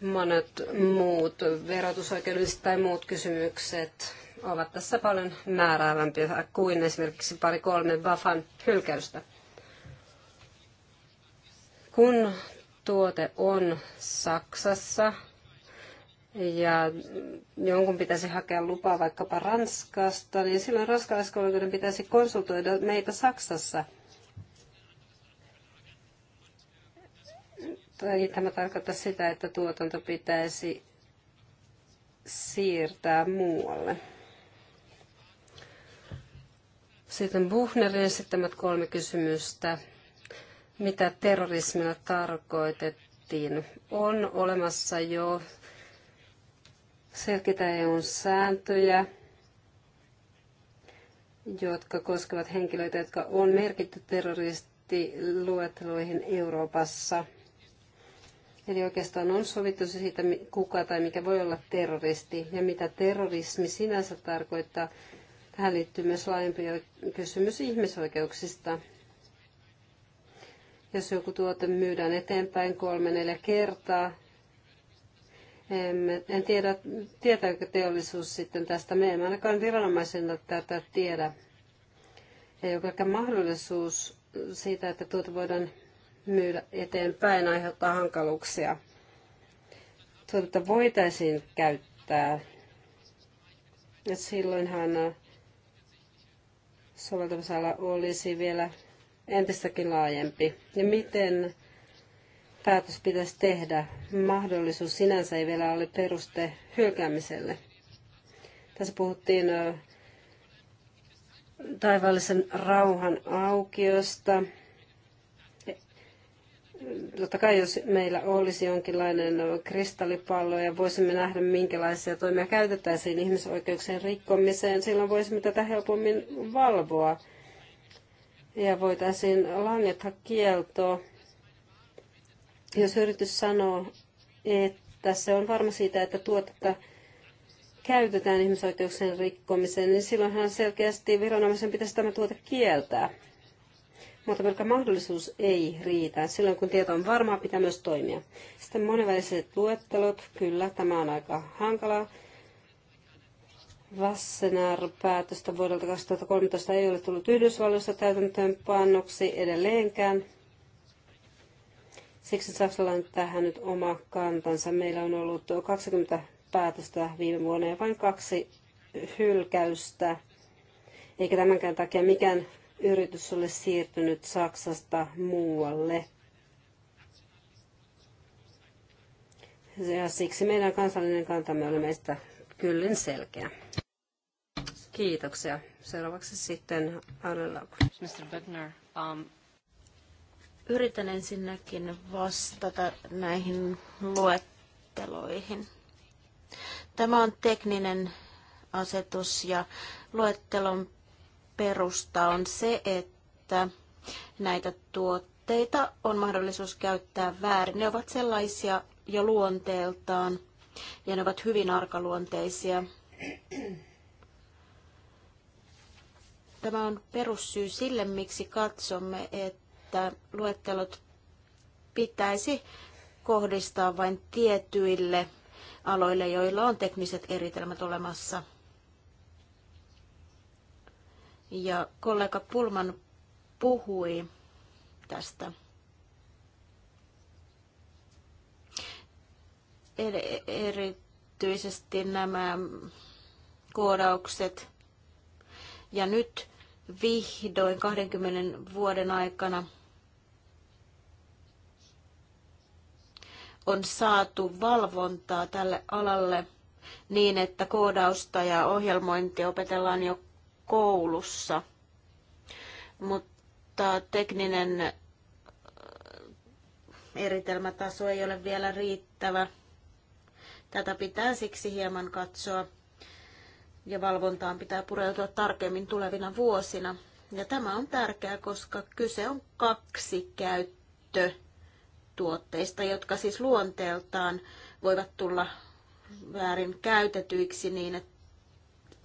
Monet muut verotusoikeudelliset tai muut kysymykset ovat tässä paljon määräävämpiä kuin esimerkiksi pari kolme Bafan hylkäystä. Kun tuote on Saksassa ja jonkun pitäisi hakea lupaa vaikkapa Ranskasta, niin silloin ranskalaiskollegoiden pitäisi konsultoida meitä Saksassa. Tämä tarkoittaa sitä, että tuotanto pitäisi siirtää muualle. Sitten Buchnerin esittämät kolme kysymystä mitä terrorismilla tarkoitettiin. On olemassa jo selkeitä EUn sääntöjä, jotka koskevat henkilöitä, jotka on merkitty terroristiluetteloihin Euroopassa. Eli oikeastaan on sovittu se siitä, kuka tai mikä voi olla terroristi ja mitä terrorismi sinänsä tarkoittaa. Tähän liittyy myös laajempi kysymys ihmisoikeuksista. Jos joku tuote myydään eteenpäin kolme neljä kertaa, emme, en tiedä, tietääkö teollisuus sitten tästä. Me emme ainakaan viranomaisena tätä tiedä. ole joka mahdollisuus siitä, että tuota voidaan myydä eteenpäin, aiheuttaa hankaluuksia. Tuotetta voitaisiin käyttää. Ja silloinhan äh, soveltamisala olisi vielä entistäkin laajempi. Ja miten päätös pitäisi tehdä? Mahdollisuus sinänsä ei vielä ole peruste hylkäämiselle. Tässä puhuttiin taivaallisen rauhan aukiosta. E, totta kai jos meillä olisi jonkinlainen kristallipallo ja voisimme nähdä, minkälaisia toimia käytettäisiin ihmisoikeuksien rikkomiseen, silloin voisimme tätä helpommin valvoa ja voitaisiin langeta kieltoa. jos yritys sanoo, että se on varma siitä, että tuotetta käytetään ihmisoikeuksien rikkomiseen, niin silloinhan selkeästi viranomaisen pitäisi tämä tuote kieltää. Mutta pelkkä mahdollisuus ei riitä. Silloin kun tieto on varmaa, pitää myös toimia. Sitten monenväliset luettelot, kyllä, tämä on aika hankalaa Wassenaar-päätöstä vuodelta 2013 ei ole tullut Yhdysvalloissa täytäntöönpannoksi edelleenkään. Siksi Saksalla on tähän nyt oma kantansa. Meillä on ollut 20 päätöstä viime vuonna ja vain kaksi hylkäystä. Eikä tämänkään takia mikään yritys ole siirtynyt Saksasta muualle. Ja siksi meidän kansallinen kantamme oli meistä kyllin selkeä. Kiitoksia. Seuraavaksi sitten Arnella. Mr. Bettner, um... Yritän ensinnäkin vastata näihin luetteloihin. Tämä on tekninen asetus ja luettelon perusta on se, että näitä tuotteita on mahdollisuus käyttää väärin. Ne ovat sellaisia jo luonteeltaan ja ne ovat hyvin arkaluonteisia. Tämä on perussyy sille, miksi katsomme, että luettelot pitäisi kohdistaa vain tietyille aloille, joilla on tekniset eritelmät olemassa. Ja kollega Pulman puhui tästä. Erityisesti nämä koodaukset. Ja nyt vihdoin 20 vuoden aikana on saatu valvontaa tälle alalle niin, että koodausta ja ohjelmointia opetellaan jo koulussa. Mutta tekninen äh, eritelmätaso ei ole vielä riittävä. Tätä pitää siksi hieman katsoa ja valvontaan pitää pureutua tarkemmin tulevina vuosina. Ja tämä on tärkeää, koska kyse on kaksi käyttötuotteista, jotka siis luonteeltaan voivat tulla väärin käytetyiksi niin, että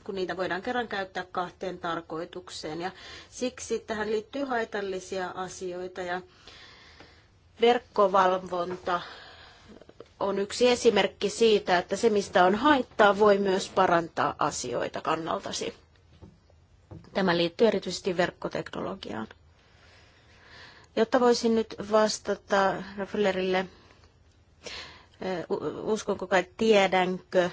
kun niitä voidaan kerran käyttää kahteen tarkoitukseen. Ja siksi tähän liittyy haitallisia asioita ja verkkovalvonta on yksi esimerkki siitä, että se mistä on haittaa voi myös parantaa asioita kannaltasi. Tämä liittyy erityisesti verkkoteknologiaan. Jotta voisin nyt vastata Rafflerille, eh, uskonko kai tiedänkö,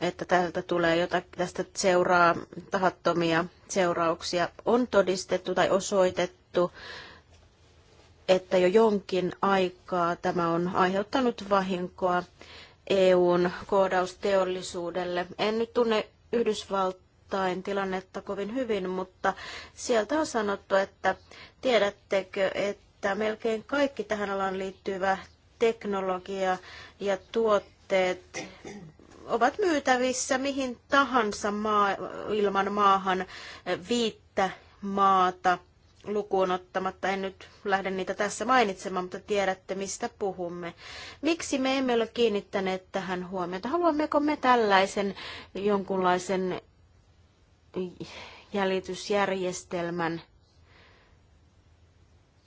että tältä tulee jotakin, tästä seuraa tahattomia seurauksia. On todistettu tai osoitettu, että jo jonkin aikaa tämä on aiheuttanut vahinkoa EUn koodausteollisuudelle. En nyt tunne Yhdysvaltain tilannetta kovin hyvin, mutta sieltä on sanottu, että tiedättekö, että melkein kaikki tähän alaan liittyvä teknologia ja tuotteet ovat myytävissä mihin tahansa maa, ilman maahan viittä maata – lukuun ottamatta, en nyt lähde niitä tässä mainitsemaan, mutta tiedätte mistä puhumme. Miksi me emme ole kiinnittäneet tähän huomiota? Haluammeko me tällaisen jonkunlaisen jäljitysjärjestelmän?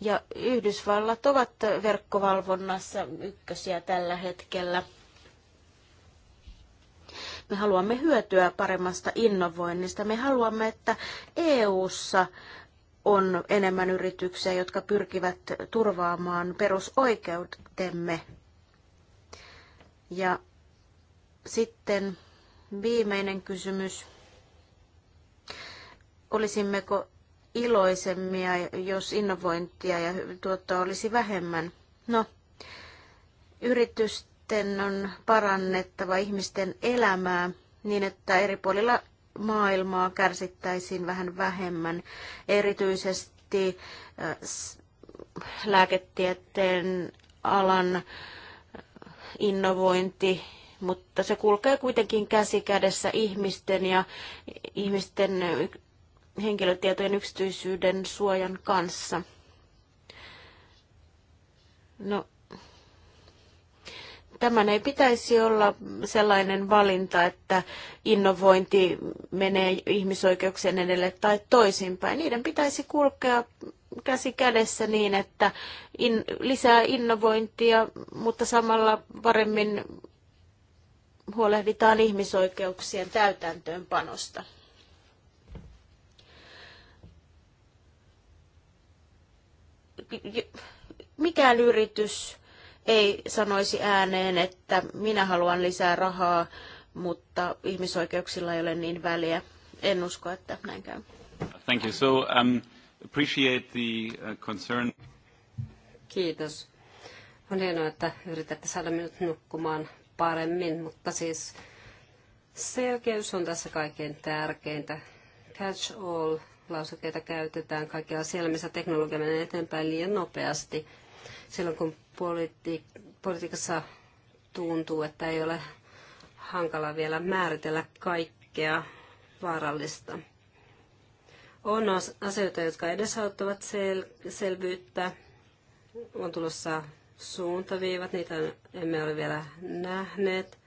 Ja Yhdysvallat ovat verkkovalvonnassa ykkösiä tällä hetkellä. Me haluamme hyötyä paremmasta innovoinnista. Me haluamme, että EU:ssa on enemmän yrityksiä, jotka pyrkivät turvaamaan perusoikeutemme. Ja sitten viimeinen kysymys. Olisimmeko iloisemmia, jos innovointia ja tuottoa olisi vähemmän? No, yritysten on parannettava ihmisten elämää niin, että eri puolilla maailmaa kärsittäisiin vähän vähemmän, erityisesti äh, lääketieteen alan äh, innovointi, mutta se kulkee kuitenkin käsi kädessä ihmisten ja ihmisten henkilötietojen yksityisyyden suojan kanssa. No, tämän ei pitäisi olla sellainen valinta, että innovointi menee ihmisoikeuksien edelle tai toisinpäin. Niiden pitäisi kulkea käsi kädessä niin, että in, lisää innovointia, mutta samalla paremmin huolehditaan ihmisoikeuksien täytäntöönpanosta. Mikään yritys ei sanoisi ääneen, että minä haluan lisää rahaa, mutta ihmisoikeuksilla ei ole niin väliä. En usko, että näin käy. Thank you. So, um, appreciate the uh, concern. Kiitos. On hienoa, että yritätte saada minut nukkumaan paremmin, mutta siis selkeys on tässä kaikkein tärkeintä. Catch all lausekkeita käytetään kaikkialla siellä, missä teknologia menee eteenpäin liian nopeasti silloin kun politi- politiikassa tuntuu, että ei ole hankala vielä määritellä kaikkea vaarallista. On asioita, jotka edesauttavat sel- selvyyttä. On tulossa suuntaviivat, niitä emme ole vielä nähneet.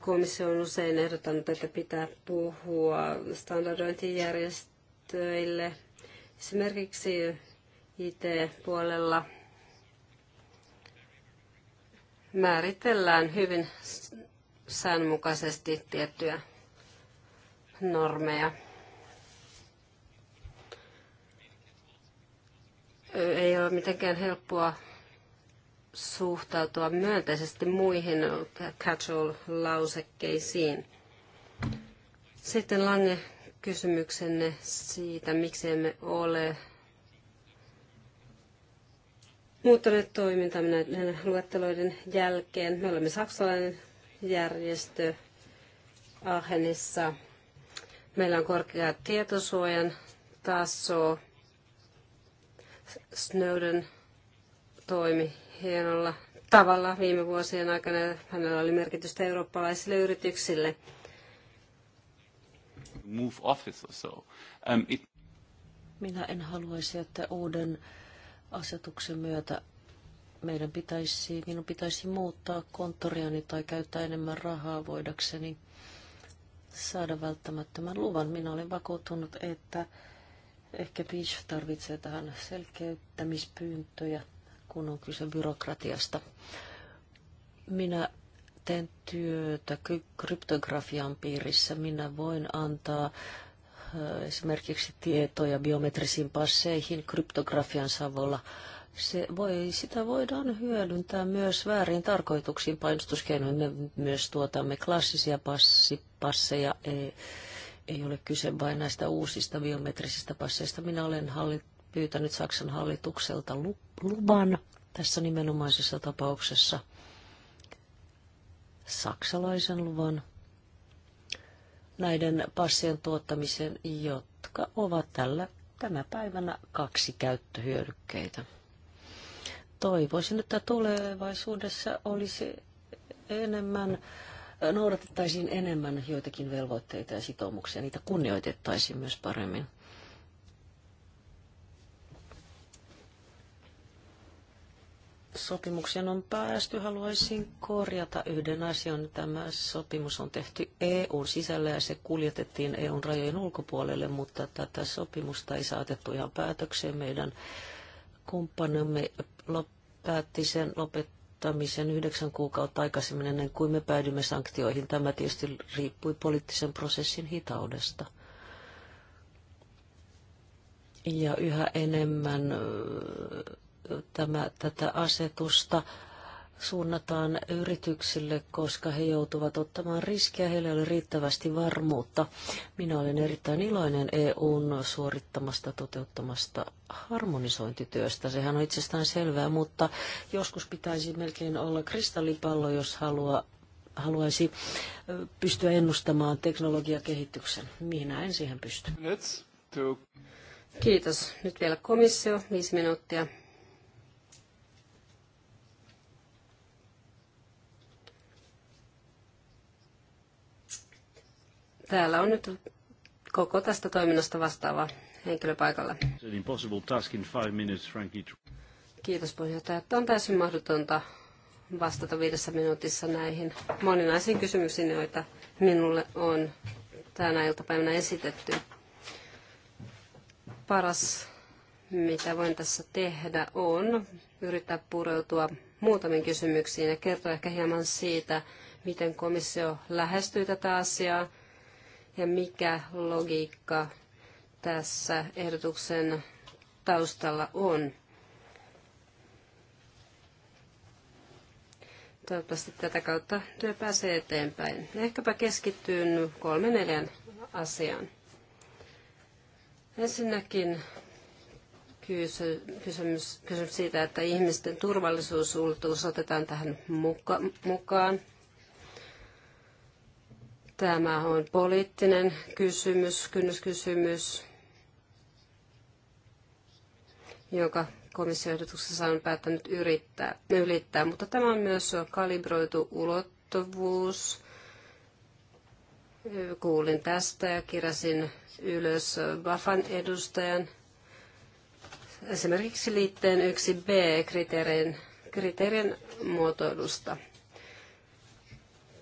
Komissio on usein ehdottanut, että pitää puhua standardointijärjestöille – Esimerkiksi IT-puolella määritellään hyvin säännönmukaisesti tiettyjä normeja. Ei ole mitenkään helppoa suhtautua myönteisesti muihin casual lausekkeisiin Sitten Lange kysymyksenne siitä, miksi emme ole muuttaneet toiminta näiden luetteloiden jälkeen. Me olemme saksalainen järjestö Ahenissa. Meillä on korkea tietosuojan taso. Snowden toimi hienolla tavalla viime vuosien aikana. Hänellä oli merkitystä eurooppalaisille yrityksille move office or so. Um, it... Minä en haluaisi, että uuden asetuksen myötä meidän pitäisi, minun pitäisi muuttaa konttoriani tai käyttää enemmän rahaa voidakseni saada välttämättömän luvan. Minä olen vakuuttunut, että ehkä Beach tarvitsee tähän selkeyttämispyyntöjä, kun on kyse byrokratiasta. Minä teen työtä kryptografian piirissä. Minä voin antaa äh, esimerkiksi tietoja biometrisiin passeihin kryptografian savolla. Se voi, sitä voidaan hyödyntää myös väärin tarkoituksiin painostuskeinoin. Me myös tuotamme klassisia passi, passeja. Ei, ei ole kyse vain näistä uusista biometrisistä passeista. Minä olen hallit, pyytänyt Saksan hallitukselta luvan tässä nimenomaisessa tapauksessa – saksalaisen luvan näiden passien tuottamiseen, jotka ovat tällä tänä päivänä kaksi käyttöhyödykkeitä. Toivoisin, että tulevaisuudessa olisi enemmän, noudatettaisiin enemmän joitakin velvoitteita ja sitoumuksia, niitä kunnioitettaisiin myös paremmin. sopimuksen on päästy, haluaisin korjata yhden asian. Tämä sopimus on tehty EUn sisällä ja se kuljetettiin EUn rajojen ulkopuolelle, mutta tätä sopimusta ei saatettu ihan päätökseen. Meidän kumppanimme päätti sen lopettamisen yhdeksän kuukautta aikaisemmin ennen kuin me päädyimme sanktioihin. Tämä tietysti riippui poliittisen prosessin hitaudesta. Ja yhä enemmän tämä, tätä asetusta suunnataan yrityksille, koska he joutuvat ottamaan riskejä, heillä ei ole riittävästi varmuutta. Minä olen erittäin iloinen EUn suorittamasta toteuttamasta harmonisointityöstä. Sehän on itsestään selvää, mutta joskus pitäisi melkein olla kristallipallo, jos haluaa haluaisi pystyä ennustamaan teknologiakehityksen. Minä en siihen pysty. Kiitos. Nyt vielä komissio, viisi minuuttia. Täällä on nyt koko tästä toiminnasta vastaava henkilö paikalla. Kiitos puheenjohtaja, että on täysin mahdotonta vastata viidessä minuutissa näihin moninaisiin kysymyksiin, joita minulle on tänä iltapäivänä esitetty. Paras, mitä voin tässä tehdä, on yrittää pureutua muutamiin kysymyksiin ja kertoa ehkä hieman siitä, miten komissio lähestyy tätä asiaa, ja mikä logiikka tässä ehdotuksen taustalla on. Toivottavasti tätä kautta työ pääsee eteenpäin. Ehkäpä keskittyyn kolme neljän asiaan. Ensinnäkin kysymys, kysymys siitä, että ihmisten turvallisuusulottuvuus otetaan tähän muka, mukaan. Tämä on poliittinen kysymys, kynnyskysymys, joka komissioehdotuksessa on päättänyt yrittää, ylittää, mutta tämä on myös kalibroitu ulottuvuus. Kuulin tästä ja kirjasin ylös Bafan edustajan esimerkiksi liitteen 1b kriteerien, kriteerien muotoilusta.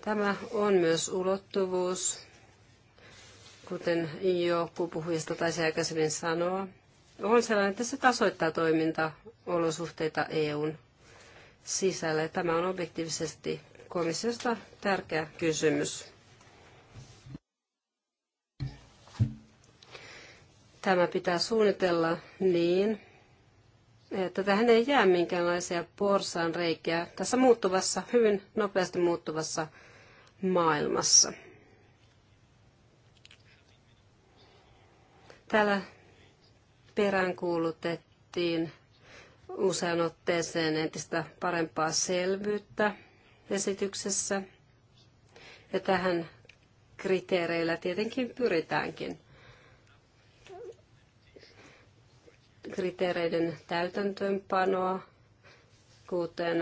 Tämä on myös ulottuvuus, kuten joku puhujista taisi aikaisemmin sanoa. On sellainen, että se tasoittaa toimintaolosuhteita EUn sisällä. Tämä on objektiivisesti komissiosta tärkeä kysymys. Tämä pitää suunnitella niin, että tähän ei jää minkäänlaisia porsaan reikiä tässä muuttuvassa, hyvin nopeasti muuttuvassa maailmassa. Täällä peräänkuulutettiin usean otteeseen entistä parempaa selvyyttä esityksessä. Ja tähän kriteereillä tietenkin pyritäänkin. Kriteereiden täytäntöönpanoa kuten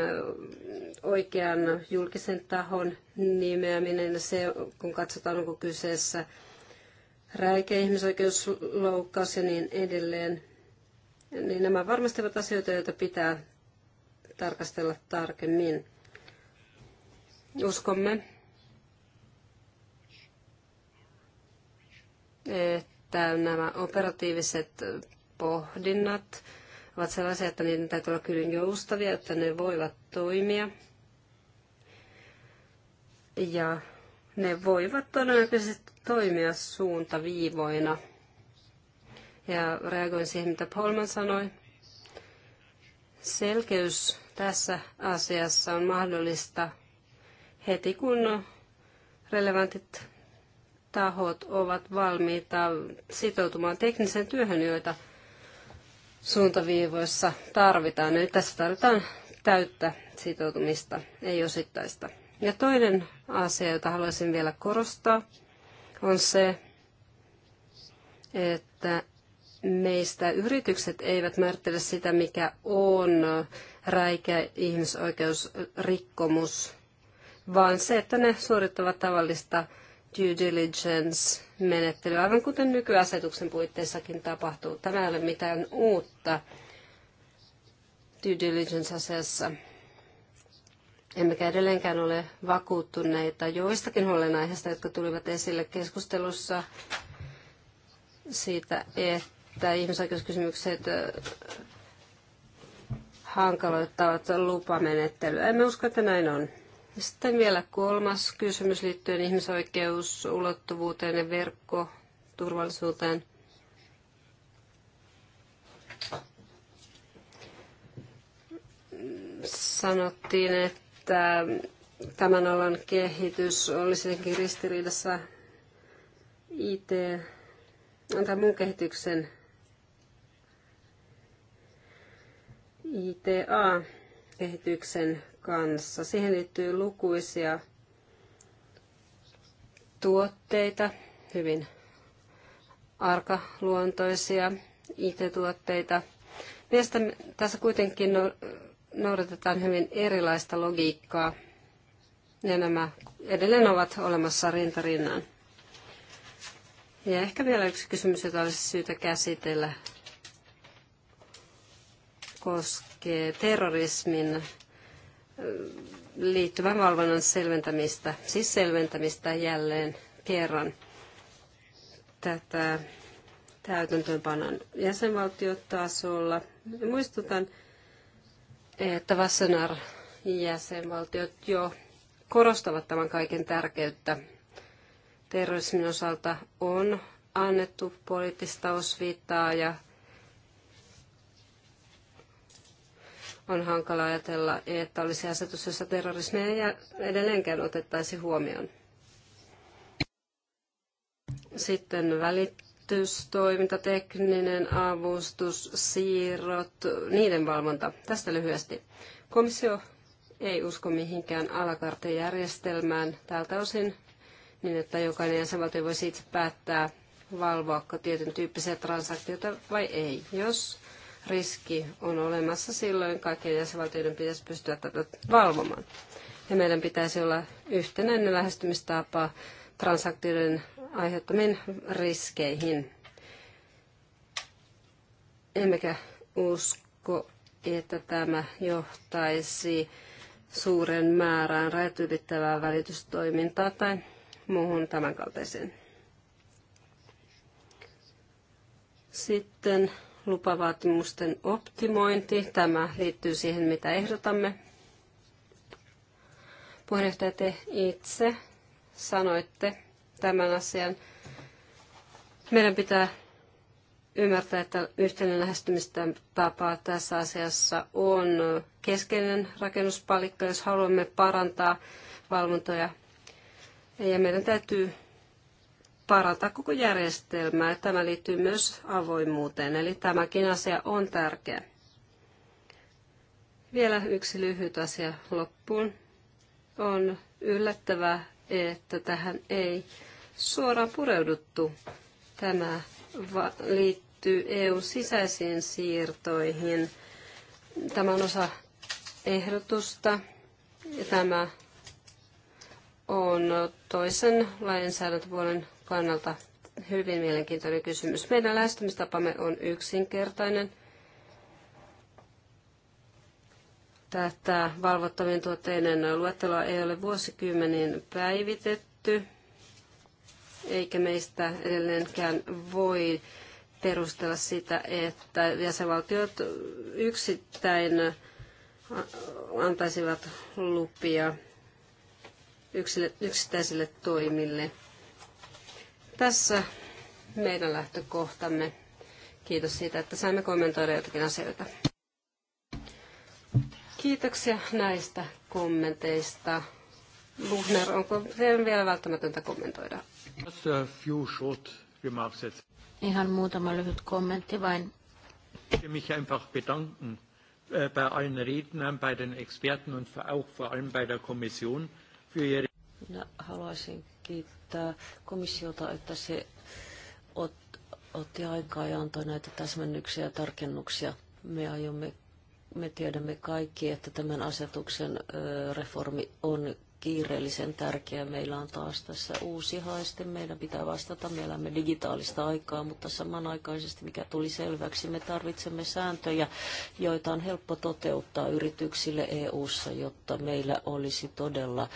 oikean julkisen tahon nimeäminen, se kun katsotaan, onko kyseessä räikeä ihmisoikeusloukkaus ja niin edelleen, niin nämä varmasti ovat asioita, joita pitää tarkastella tarkemmin. Uskomme, että nämä operatiiviset pohdinnat, ovat sellaisia, että niiden täytyy olla kyllä joustavia, että ne voivat toimia. Ja ne voivat todennäköisesti toimia suuntaviivoina. Ja reagoin siihen, mitä Polman sanoi. Selkeys tässä asiassa on mahdollista heti, kun relevantit tahot ovat valmiita sitoutumaan tekniseen työhön, joita suuntaviivoissa tarvitaan. Eli tässä tarvitaan täyttä sitoutumista, ei osittaista. Ja toinen asia, jota haluaisin vielä korostaa, on se, että meistä yritykset eivät määrittele sitä, mikä on räikeä ihmisoikeusrikkomus, vaan se, että ne suorittavat tavallista due diligence-menettely, aivan kuten nykyasetuksen puitteissakin tapahtuu. Tämä ei ole mitään uutta due diligence-asiassa. Emmekä edelleenkään ole vakuuttuneita joistakin huolenaiheista, jotka tulivat esille keskustelussa siitä, että ihmisoikeuskysymykset hankaloittavat lupamenettelyä. Emme usko, että näin on. Sitten vielä kolmas kysymys liittyen ihmisoikeusulottuvuuteen ja verkkoturvallisuuteen. Sanottiin, että tämän alan kehitys olisi jotenkin ristiriidassa IT tai muun kehityksen ITA-kehityksen kanssa. Siihen liittyy lukuisia tuotteita, hyvin arkaluontoisia IT-tuotteita. Mielestäni tässä kuitenkin no- noudatetaan hyvin erilaista logiikkaa, ja nämä edelleen ovat olemassa rintarinnan. Ja ehkä vielä yksi kysymys, jota olisi syytä käsitellä, koskee terrorismin liittyvän valvonnan selventämistä, siis selventämistä jälleen kerran tätä täytäntöönpanon jäsenvaltiotasolla. Muistutan, että Vassanar jäsenvaltiot jo korostavat tämän kaiken tärkeyttä. Terrorismin osalta on annettu poliittista osviittaa ja On hankala ajatella, että olisi asetus, jossa terrorismia edelleenkään otettaisi huomioon. Sitten välitystoiminta, tekninen avustus, siirrot, niiden valvonta. Tästä lyhyesti. Komissio ei usko mihinkään alakartejärjestelmään tältä osin, niin että jokainen jäsenvaltio voisi itse päättää, valvoako tietyn tyyppisiä transaktioita vai ei. Jos riski on olemassa, silloin kaikkien jäsenvaltioiden pitäisi pystyä tätä valvomaan. Ja meidän pitäisi olla yhtenäinen lähestymistapa transaktioiden aiheuttamiin riskeihin. Emmekä usko, että tämä johtaisi suuren määrään rajat ylittävää välitystoimintaa tai muuhun tämänkaltaiseen. Sitten lupavaatimusten optimointi. Tämä liittyy siihen, mitä ehdotamme. Puheenjohtaja, te itse sanoitte tämän asian. Meidän pitää ymmärtää, että yhteinen lähestymistapa tässä asiassa on keskeinen rakennuspalikka, jos haluamme parantaa valvontoja. Ja meidän täytyy parantaa koko järjestelmää. Tämä liittyy myös avoimuuteen, eli tämäkin asia on tärkeä. Vielä yksi lyhyt asia loppuun. On yllättävää, että tähän ei suoraan pureuduttu. Tämä liittyy EUn sisäisiin siirtoihin. Tämä on osa ehdotusta. Ja tämä on toisen lainsäädäntövuoden kannalta hyvin mielenkiintoinen kysymys. Meidän lähestymistapamme on yksinkertainen. Tätä valvottavien tuotteiden luetteloa ei ole vuosikymmeniin päivitetty, eikä meistä edelleenkään voi perustella sitä, että jäsenvaltiot yksittäin antaisivat lupia yksittäisille toimille. Tässä meidän lähtökohtamme. Kiitos siitä, että saimme kommentoida jotakin asioita. Kiitoksia näistä kommenteista. Luhner, onko teidän vielä välttämätöntä kommentoida? a few short remarks. Ihan muutama lyhyt kommentti vain. Mich einfach bedanken äh, bei allen Rednern, bei den Experten und auch vor allem bei der Kommission für ihre... No, haluaisin kiittää komissiota, että se ot, otti aikaa ja antoi näitä täsmennyksiä ja tarkennuksia. Me aiomme me tiedämme kaikki, että tämän asetuksen reformi on kiireellisen tärkeä. Meillä on taas tässä uusi haaste. Meidän pitää vastata. Me elämme digitaalista aikaa, mutta samanaikaisesti, mikä tuli selväksi, me tarvitsemme sääntöjä, joita on helppo toteuttaa yrityksille EU-ssa, jotta meillä olisi todella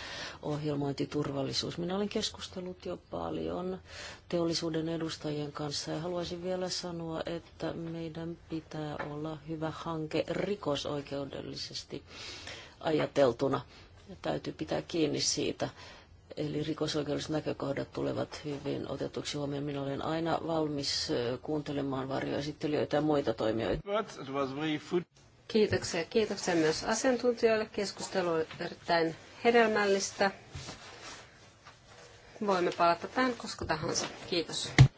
ohjelmointiturvallisuus. Minä olen keskustellut jo paljon teollisuuden edustajien kanssa ja haluaisin vielä sanoa, että meidän pitää olla hyvä hanke rikosoikeudellisesti ajateltuna ja täytyy pitää kiinni siitä. Eli rikosoikeudelliset näkökohdat tulevat hyvin otetuksi huomioon. Minä olen aina valmis kuuntelemaan varjoesittelijöitä ja muita toimijoita. Kiitoksia. Kiitoksia myös asiantuntijoille. Keskustelu on erittäin hedelmällistä. Voimme palata tähän koska tahansa. Kiitos.